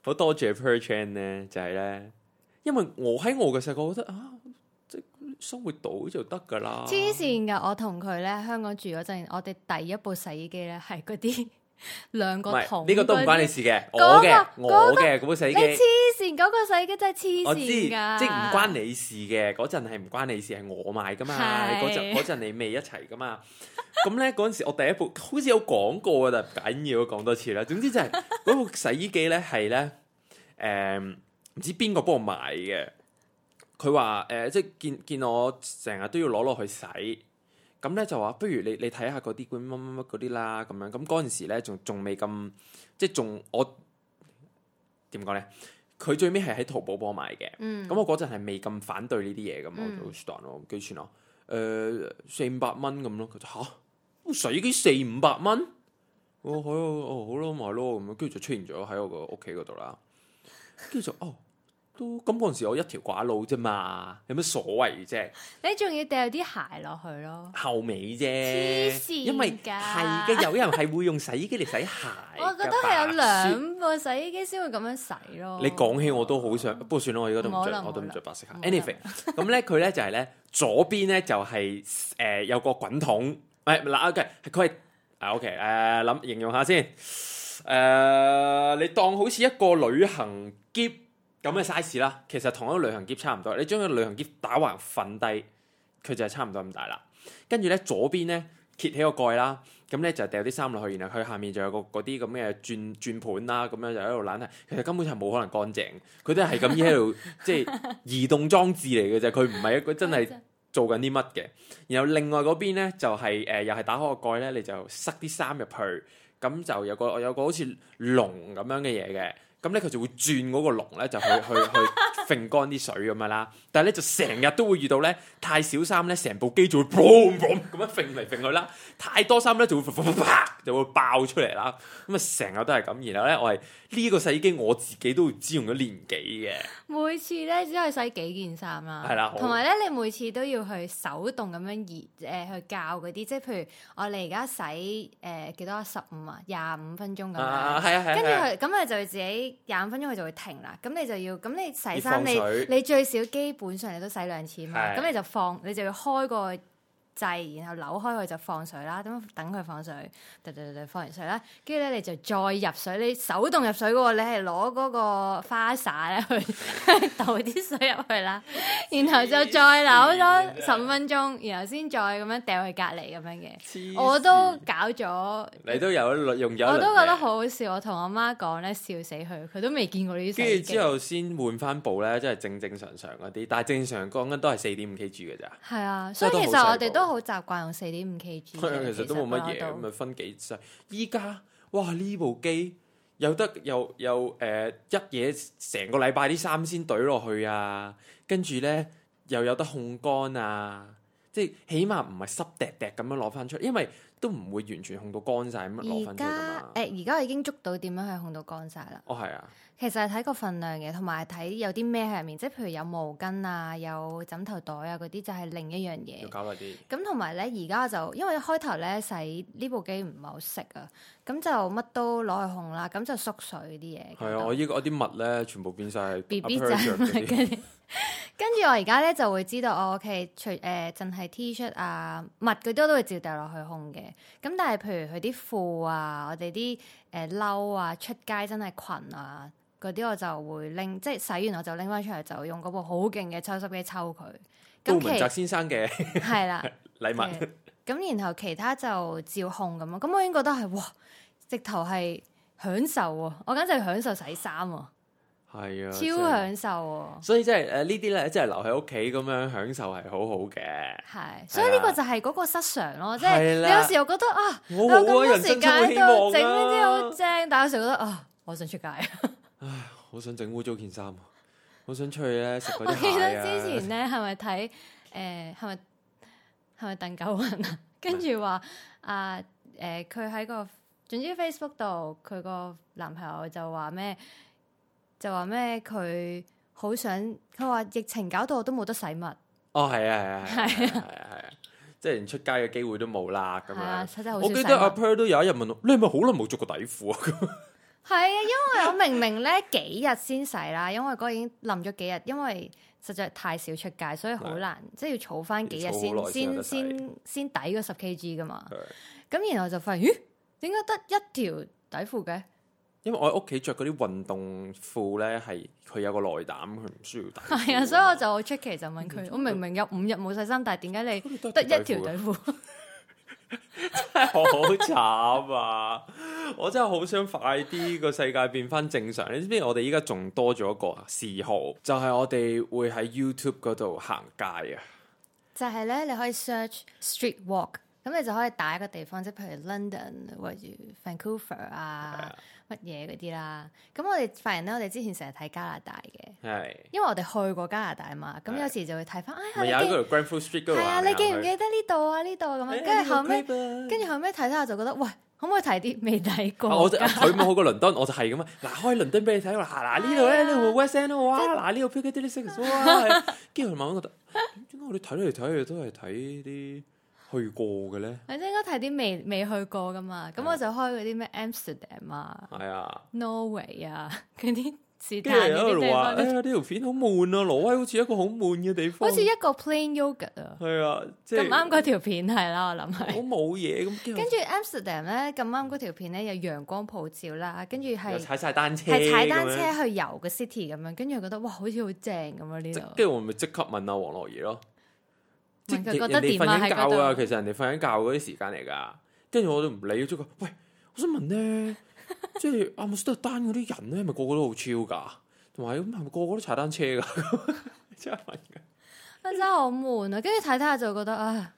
好多謝 Perchian 咧，就係、是、咧，因為我喺我嘅世界，我覺得啊，即生活到就得噶啦。黐線㗎！我同佢咧，香港住嗰陣，我哋第一部洗衣機咧係嗰啲。兩個桶，呢、這個都唔關你事嘅，我嘅我嘅嗰部洗衣機，你黐線嗰個洗衣機真係黐線噶，我知，即係唔關你事嘅。嗰陣係唔關你事，係我買噶嘛。嗰陣嗰陣你未一齊噶嘛。咁咧嗰陣時，我第一部好似有講過嘅，唔緊要，要，講多次啦。總之就係、是、嗰部洗衣機咧，係咧，誒、嗯，唔知邊個幫我買嘅。佢話誒，即、呃、係、就是、見見我成日都要攞落去洗。咁咧就話，不如你你睇下嗰啲乜乜乜嗰啲啦，咁樣咁嗰陣時咧，仲仲未咁，即係仲我點講咧？佢最尾係喺淘寶幫我買嘅，咁、嗯、我嗰陣係未咁反對呢啲嘢咁我就好算 r e、呃、咯，幾錢咯？誒，四五百蚊咁咯，佢就吓，水機四五百蚊？哦，好哦，好咯，買咯，咁樣，跟住就出現咗喺我個屋企嗰度啦，跟住就哦。都咁嗰陣時我一條寡路啫嘛，有乜所謂啫？你仲要掉啲鞋落去咯，後尾啫。黐線，因為係嘅，有人係會用洗衣機嚟洗鞋。我覺得係有兩部洗衣機先會咁樣洗咯。你講起我都好想，嗯、不過算啦，我而家都唔着，我都唔着白色鞋。Anything 咁咧，佢咧 Anyway, 嗯、就係、是、咧，左邊咧就係、是、誒、呃、有個滾筒，係嗱，OK，佢係 OK 誒諗形容下先，誒、呃、你當好似一個旅行，行，行 咁嘅 size 啦，其實同一個旅行喼差唔多，你將個旅行喼打橫瞓低，佢就係差唔多咁大啦。跟住咧，左邊咧揭起個蓋啦，咁咧就掉啲衫落去，然後佢下面就有個嗰啲咁嘅轉轉盤啦，咁樣就喺度攬。其實根本就冇可能乾淨，佢都係咁喺度，即係 移動裝置嚟嘅啫，佢唔係一個真係做緊啲乜嘅。然後另外嗰邊咧就係、是、誒、呃，又係打開個蓋咧，你就塞啲衫入去，咁就有個有個，有個好似籠咁樣嘅嘢嘅。咁咧佢就會轉嗰個籠咧就去 去去揈乾啲水咁樣啦，但係咧就成日都會遇到咧太小衫咧，成部機就會嘣嘣咁樣揈嚟揈去啦；太多衫咧就會噗噗噗啪就會爆出嚟啦。咁啊成日都係咁，然後咧我係。呢個洗衣機我自己都會知用咗年幾嘅，每次咧只可以洗幾件衫啦，係啦。同埋咧，你每次都要去手動咁樣熱誒去校嗰啲，即係譬如我哋而家洗誒幾、呃、多十五啊廿五分鐘咁樣，跟住佢咁，佢就會自己廿五分鐘佢就會停啦。咁你就要咁，你洗衫你你最少基本上你都洗兩次嘛。咁的你就放你就要開個。制，然後扭開佢就放水啦，咁等佢放水，突突突放完水啦，跟住咧你就再入水，你手動入水嘅喎，你係攞嗰個花灑咧去倒啲水入去啦，然後就再扭多十分鐘，然後先再咁樣掉去隔離咁樣嘅。我都搞咗，你都有用咗，我都覺得好好笑。我同我媽講咧，笑死佢，佢都未見過呢啲。跟住之後先換翻部咧，即係正正常常嗰啲，但係正常講緊都係四點五 KG 嘅咋。係啊，所以其實我哋都都好習慣用四點五 kg，其實都冇乜嘢，咁啊分幾細。依家哇呢部機有得又又誒一嘢成個禮拜啲衫先懟落去啊，跟住咧又有得烘乾啊，即係起碼唔係濕滴滴咁樣攞翻出嚟，因為都唔會完全烘到乾晒咁樣攞翻出噶嘛。誒，而家、呃、而家已經捉到點樣去烘到乾晒啦。哦，係啊。其實係睇個份量嘅，同埋睇有啲咩喺入面，即係譬如有毛巾啊、有枕頭袋啊嗰啲、嗯，就係另一樣嘢。搞啲。咁同埋咧，而家就因為開頭咧使呢部機唔係好識啊，咁就乜都攞去烘啦，咁就縮水啲嘢。係啊、嗯，嗯、我依、這個啲襪咧全部變晒 B B 仔。跟住我而家咧就會知道，我屋企除誒淨係 T 恤啊、襪嗰啲都會照掉落去烘嘅。咁但係譬如佢啲褲啊、我哋啲誒褸啊、出街真係裙啊，外出外出群啊嗰啲我就會拎，即係洗完我就拎翻出嚟，就用嗰部好勁嘅抽濕機抽佢。咁文澤、哦、先生嘅係啦禮物是。咁 然後其他就照控咁咯。咁、嗯、我已經覺得係哇，直頭係享受啊！我簡直係享受洗衫啊，係啊，超享受啊！啊所以即係誒呢啲咧，即、就、係、是、留喺屋企咁樣享受係好好嘅。係、啊，啊、所以呢個就係嗰個失常咯。即、就、係、是、有時候覺得啊，我咁、啊、多時間喺度整呢啲好正，但係有時候覺得啊，我想出街 唉，好想整污糟件衫啊！好想出去咧食嗰啲嘢啊！我記得之前咧係咪睇，誒係咪係咪鄧九雲啊？是是呃、是是是是 跟住話啊誒，佢喺、呃呃、個總之 Facebook 度，佢個男朋友就話咩就話咩佢好想佢話，疫情搞到我都冇得洗襪哦，係啊係啊係啊係啊係啊，即係連出街嘅機會都冇啦咁樣。啊、我記得阿 Per 都有一日問我，你係咪好耐冇着過底褲啊？ 係啊，因為我明明咧幾日先洗啦，因為嗰日已經冧咗幾日，因為實在太少出街，所以好難，嗯、即係要儲翻幾日先先先先抵個十 K G 噶嘛。咁的然後就發現，咦，點解得一條底褲嘅？因為我喺屋企着嗰啲運動褲咧，係佢有個內膽，佢唔需要底褲。係啊，所以我就出奇就問佢：嗯、我明明有五日冇洗衫，但係點解你得一條底褲？ 真係好慘啊！ 我真係好想快啲個世界變翻正常。你知唔知我哋依家仲多咗一個嗜好，就係、是、我哋會喺 YouTube 嗰度行街啊！就係咧，你可以 search street walk，咁你就可以打一個地方，即係譬如 London 或者 Vancouver 啊。Yeah. 乜嘢嗰啲啦？咁我哋發現咧、啊，我哋之前成日睇加拿大嘅，係的，因為我哋去過加拿大啊嘛，咁的有時就會睇翻，哎呀，啊，呢個 Grandful Street 度。係啊，你記唔記，記得呢度啊？呢度咁啊？跟住後尾，跟住、哎這個、後尾睇睇下就覺得，喂，可唔可以睇啲未睇過、啊？我佢冇去過倫敦，我就係咁啊，開倫敦俾你睇，嗱呢度咧呢個 West End 哇，嗱呢度 Piccadilly 哇，跟住 我問，我得，點解我哋睇嚟睇去都係睇啲？去過嘅咧，你應該睇啲未未去過噶嘛？咁我就開嗰啲咩 Amsterdam 啊，挪威啊，嗰啲。跟住喺度話，哎呀，呢條片好悶啊！挪威好似一個好悶嘅地方。好似一個 plain yogurt 啊。係啊，即係。咁啱嗰條片係啦，我諗係。好冇嘢咁。跟住 Amsterdam 咧，咁啱嗰條片咧有陽光普照啦，跟住係。踩晒單車。係踩單車去遊個 city 咁樣，跟住覺得哇，好似好正咁啊呢度。跟住我咪即刻問阿黃樂儀咯。即係你你瞓緊覺，覺啊，其實人哋瞓緊覺嗰啲時間嚟噶，跟住 我都唔理咗佢。喂，我想問咧， 即係阿姆斯特丹嗰啲人咧，係咪個個都好超噶？同埋咁係咪個個都踩單車噶？ 真係的問噶， 真係好悶啊！跟住睇睇下就覺得啊，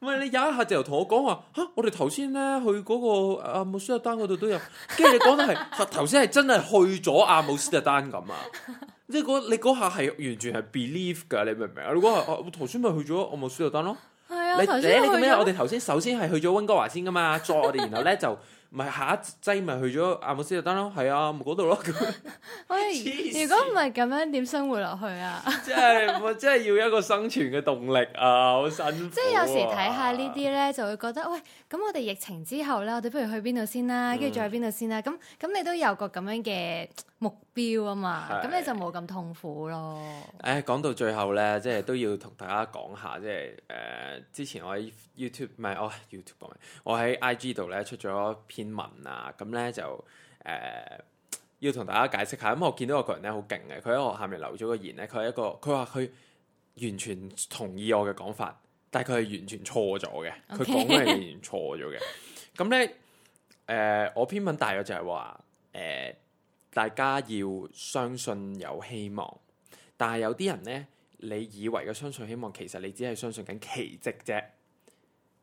喂，你有一下就又同我講話吓，我哋頭先咧去嗰個阿姆斯特丹嗰度都有，跟住你講得係頭先係真係去咗阿姆斯特丹咁啊！即係你嗰下係完全係 believe 噶，你明唔明啊？如果係我頭先咪去咗阿姆斯利丹咯，係啊，你你咁樣，我哋頭先首先係去咗溫哥華先噶嘛，再我哋，然後咧就唔係下一季咪去咗阿姆斯利丹咯，係啊，冇嗰度咯。 啊啊、喂， 病如果唔係咁樣，點生活落去啊？即係即係要一個生存嘅動力啊，好辛苦、啊。即係有時睇下呢啲咧，就會覺得喂。咁我哋疫情之後呢，我哋不如去邊度先啦，跟住再去邊度先啦。咁咁你都有個咁樣嘅目標啊嘛，咁的你就冇咁痛苦咯。誒、哎，講到最後呢，即係都要同大家講下，即係誒、呃、之前我喺 you、哦、YouTube 唔係哦 YouTube 我喺 IG 度呢，出咗篇文啊，咁呢，就誒、呃、要同大家解釋下。咁、嗯、我見到個個人呢好勁嘅，佢喺我下面留咗個言呢，佢係一個，佢話佢完全同意我嘅講法。但佢係完全錯咗嘅，佢講嘅係完全錯咗嘅。咁 呢，誒、呃，我篇文大約就係話，誒、呃，大家要相信有希望，但係有啲人呢，你以為嘅相信希望，其實你只係相信緊奇蹟啫。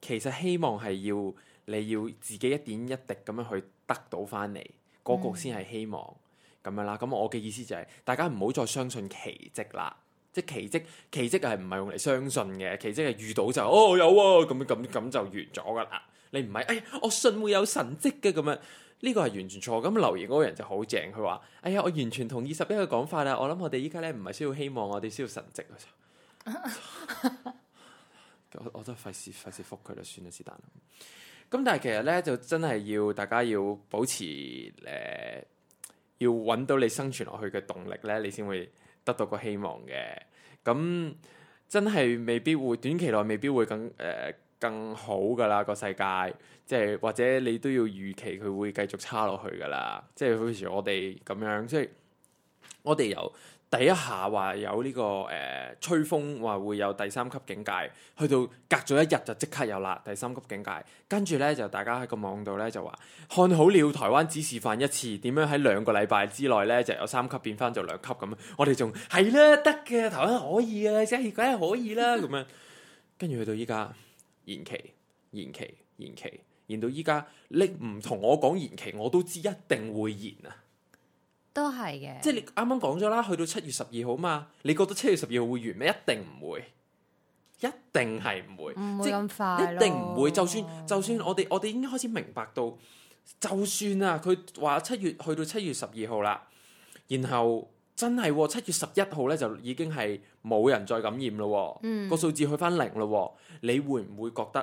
其實希望係要你要自己一點一滴咁樣去得到翻嚟嗰個先係希望咁、mm. 樣啦。咁我嘅意思就係、是、大家唔好再相信奇蹟啦。即係奇迹，奇迹係唔係用嚟相信嘅，奇迹係遇到就哦有啊，咁咁咁就完咗噶啦。你唔係誒，我信會有神迹嘅咁樣，呢、這個係完全錯。咁留言嗰個人就好正，佢話：哎呀，我完全同意十一嘅講法啊！我諗我哋依家咧唔係需要希望，我哋需要神迹 我我都費事費事覆佢啦，算啦是但。咁但係其實咧，就真係要大家要保持誒、呃，要揾到你生存落去嘅動力咧，你先會。得到個希望嘅，咁真係未必會短期內未必會更誒、呃、更好㗎啦，個世界，即係或者你都要預期佢會繼續差落去㗎啦，即係好似我哋咁樣，即係我哋有。第一下話有呢、呢個誒、呃、吹風話會有第三級警戒，去到隔咗一日就即刻有啦，第三級警戒跟住呢，就大家喺個網度呢就話看好了，台灣只示範一次，點樣喺兩個禮拜之內呢就有三級變翻做兩級咁。我哋仲係啦，得嘅，台灣可以嘅，即係梗係可以啦咁樣。跟住去到依家延，延期，延期，延期，延到依家，你唔同我講延期，我都知一定會延啊！都係嘅，即係你啱啱講咗啦，去到七月十二號嘛，你覺得七月十二號會完咩？一定唔會，一定係唔會，唔會即會咁快一定唔會。就算就算我哋我哋應該開始明白到，就算啊，佢話七月去到七月十二號啦，然後真係喎，七月十一號咧就已經係冇人再感染咯喎。嗯，個數字去翻零咯喎，你會唔會覺得？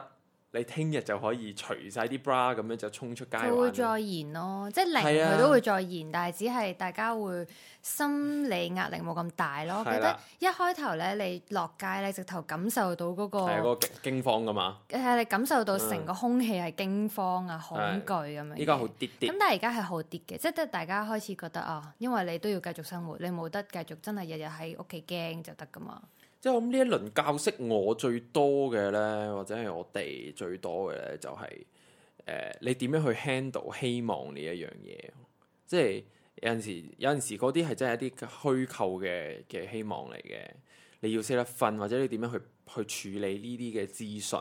你聽日就可以除晒啲 bra 咁樣就衝出街。佢會再燃咯，即係零佢都會再燃，是啊、但係只係大家會心理壓力冇咁大咯。我覺是、啊、得一開頭咧，你落街咧直頭感受到嗰、嗰個啊嗰個驚慌㗎嘛、啊。係你感受到成個空氣係驚慌啊、恐懼咁、啊、樣。依家好啲啲。咁但係而家係好啲嘅，即係大家開始覺得啊，因為你都要繼續生活，你冇得繼續真係日日喺屋企驚就得㗎嘛。即係我諗呢一輪教識我最多嘅咧，或者係我哋最多嘅咧，就係、是、誒、呃、你點樣去 handle 希望呢一樣嘢？即係有陣時，有陣時嗰啲係真係一啲虛構嘅嘅希望嚟嘅，你要識得分，或者你點樣去去處理呢啲嘅資訊？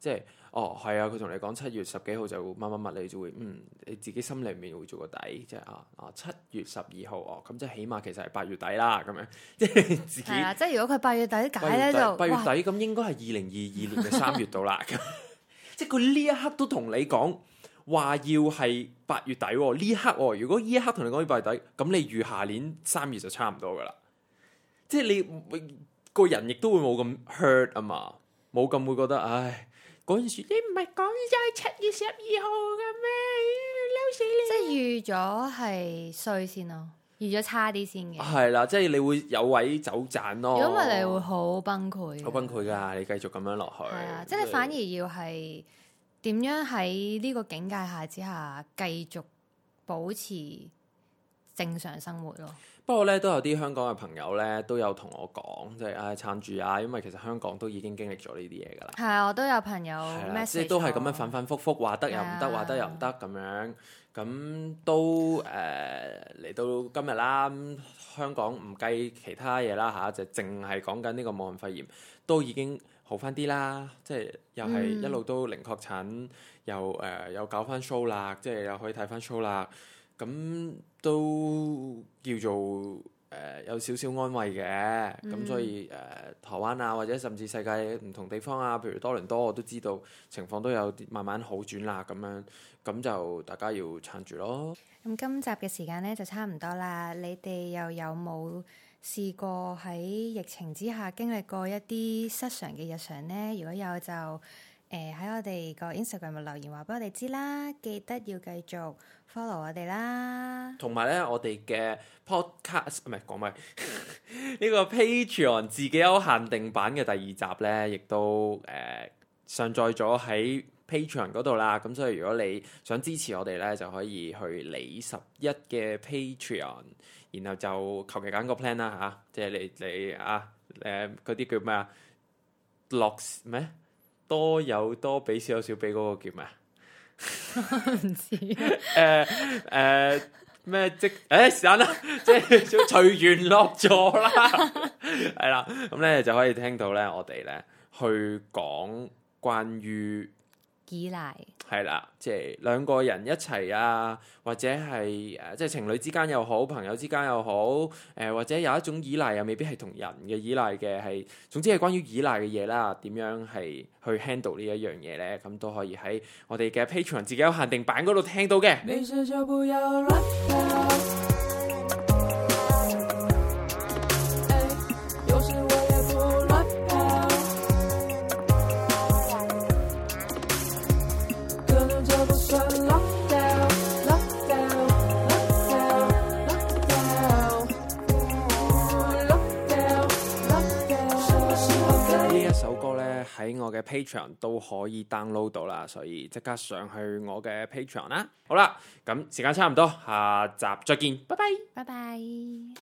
即係。哦，係啊，佢同你講七月十幾號就乜乜乜，你就會嗯，你自己心裡面會做個底，即係啊啊七月十二號哦，咁、哦哦、即係起碼其實係八月底啦，咁樣即係自己。即係如果佢八月底解咧，就八月底咁應該係二零二二年嘅三月度啦。即係佢呢一刻都同你講話要係八月底，呢一刻如果呢一刻同你講要八月底，咁你預、哦哦、下年三月就差唔多噶啦。即係你個人亦都會冇咁 hurt 啊嘛，冇咁會覺得唉。嗰陣時你唔係講就係七月十二號嘅咩？嬲死你！即係預咗係衰先咯，預咗差啲先嘅。係啦、啊，即係你會有位走盞咯。如果唔係你會好崩潰。好崩潰㗎！你繼續咁樣落去。係啊，即係反而要係點樣喺呢個境界下之下繼續保持正常生活咯。不過咧，都有啲香港嘅朋友咧，都有同我講，即係唉，撐住啊，因為其實香港都已經經歷咗呢啲嘢噶啦。係啊，我都有朋友 message、啊、都係咁樣反反覆覆話得又唔得，話、啊、得又唔得咁樣。咁、嗯、都誒嚟、呃、到今日啦、嗯，香港唔計其他嘢啦嚇、啊，就淨係講緊呢個武漢肺炎都已經好翻啲啦。即係又係一路都零確診，嗯、又誒、呃、又搞翻 show 啦，即係又可以睇翻 show 啦。咁。都叫做誒、呃、有少少安慰嘅，咁、嗯、所以誒、呃、台灣啊，或者甚至世界唔同地方啊，譬如多倫多，我都知道情況都有慢慢好轉啦，咁樣，咁就大家要撐住咯。咁、嗯、今集嘅時間咧就差唔多啦。你哋又有冇試過喺疫情之下經歷過一啲失常嘅日常呢？如果有就。誒，喺、呃、我哋個 Instagram 咪留言話俾我哋知啦，記得要繼續 follow 我哋啦。同埋咧，我哋嘅 Podcast 唔、呃、係講咩？呢、呢個 Patreon 自己有限定版嘅第二集咧，亦都誒、呃、上載咗喺 Patreon 嗰度啦。咁所以如果你想支持我哋咧，就可以去李拾壹嘅 Patreon，然後就求其揀個 plan 啦吓、啊，即係你你啊誒嗰啲叫咩啊？Lock 咩？多有多俾少有少俾嗰個叫咩啊？唔知誒誒咩即誒、欸、時間啦，即 係隨緣落咗啦，係 啦， 咁咧就可以聽到咧，我哋咧去講關於。依賴係啦，即係兩個人一齊啊，或者係誒，即係情侶之間又好，朋友之間又好，誒、呃，或者有一種依賴又未必係同人嘅依賴嘅，係，總之係關於依賴嘅嘢啦，點樣係去 handle 呢一樣嘢咧？咁都可以喺我哋嘅 Patreon 自己有限定版嗰度聽到嘅。 俾我嘅 Patreon 都可以 download 到啦，所以即刻上去我嘅 Patreon 啦。好啦，咁時間差唔多，下集再見，拜拜，拜拜。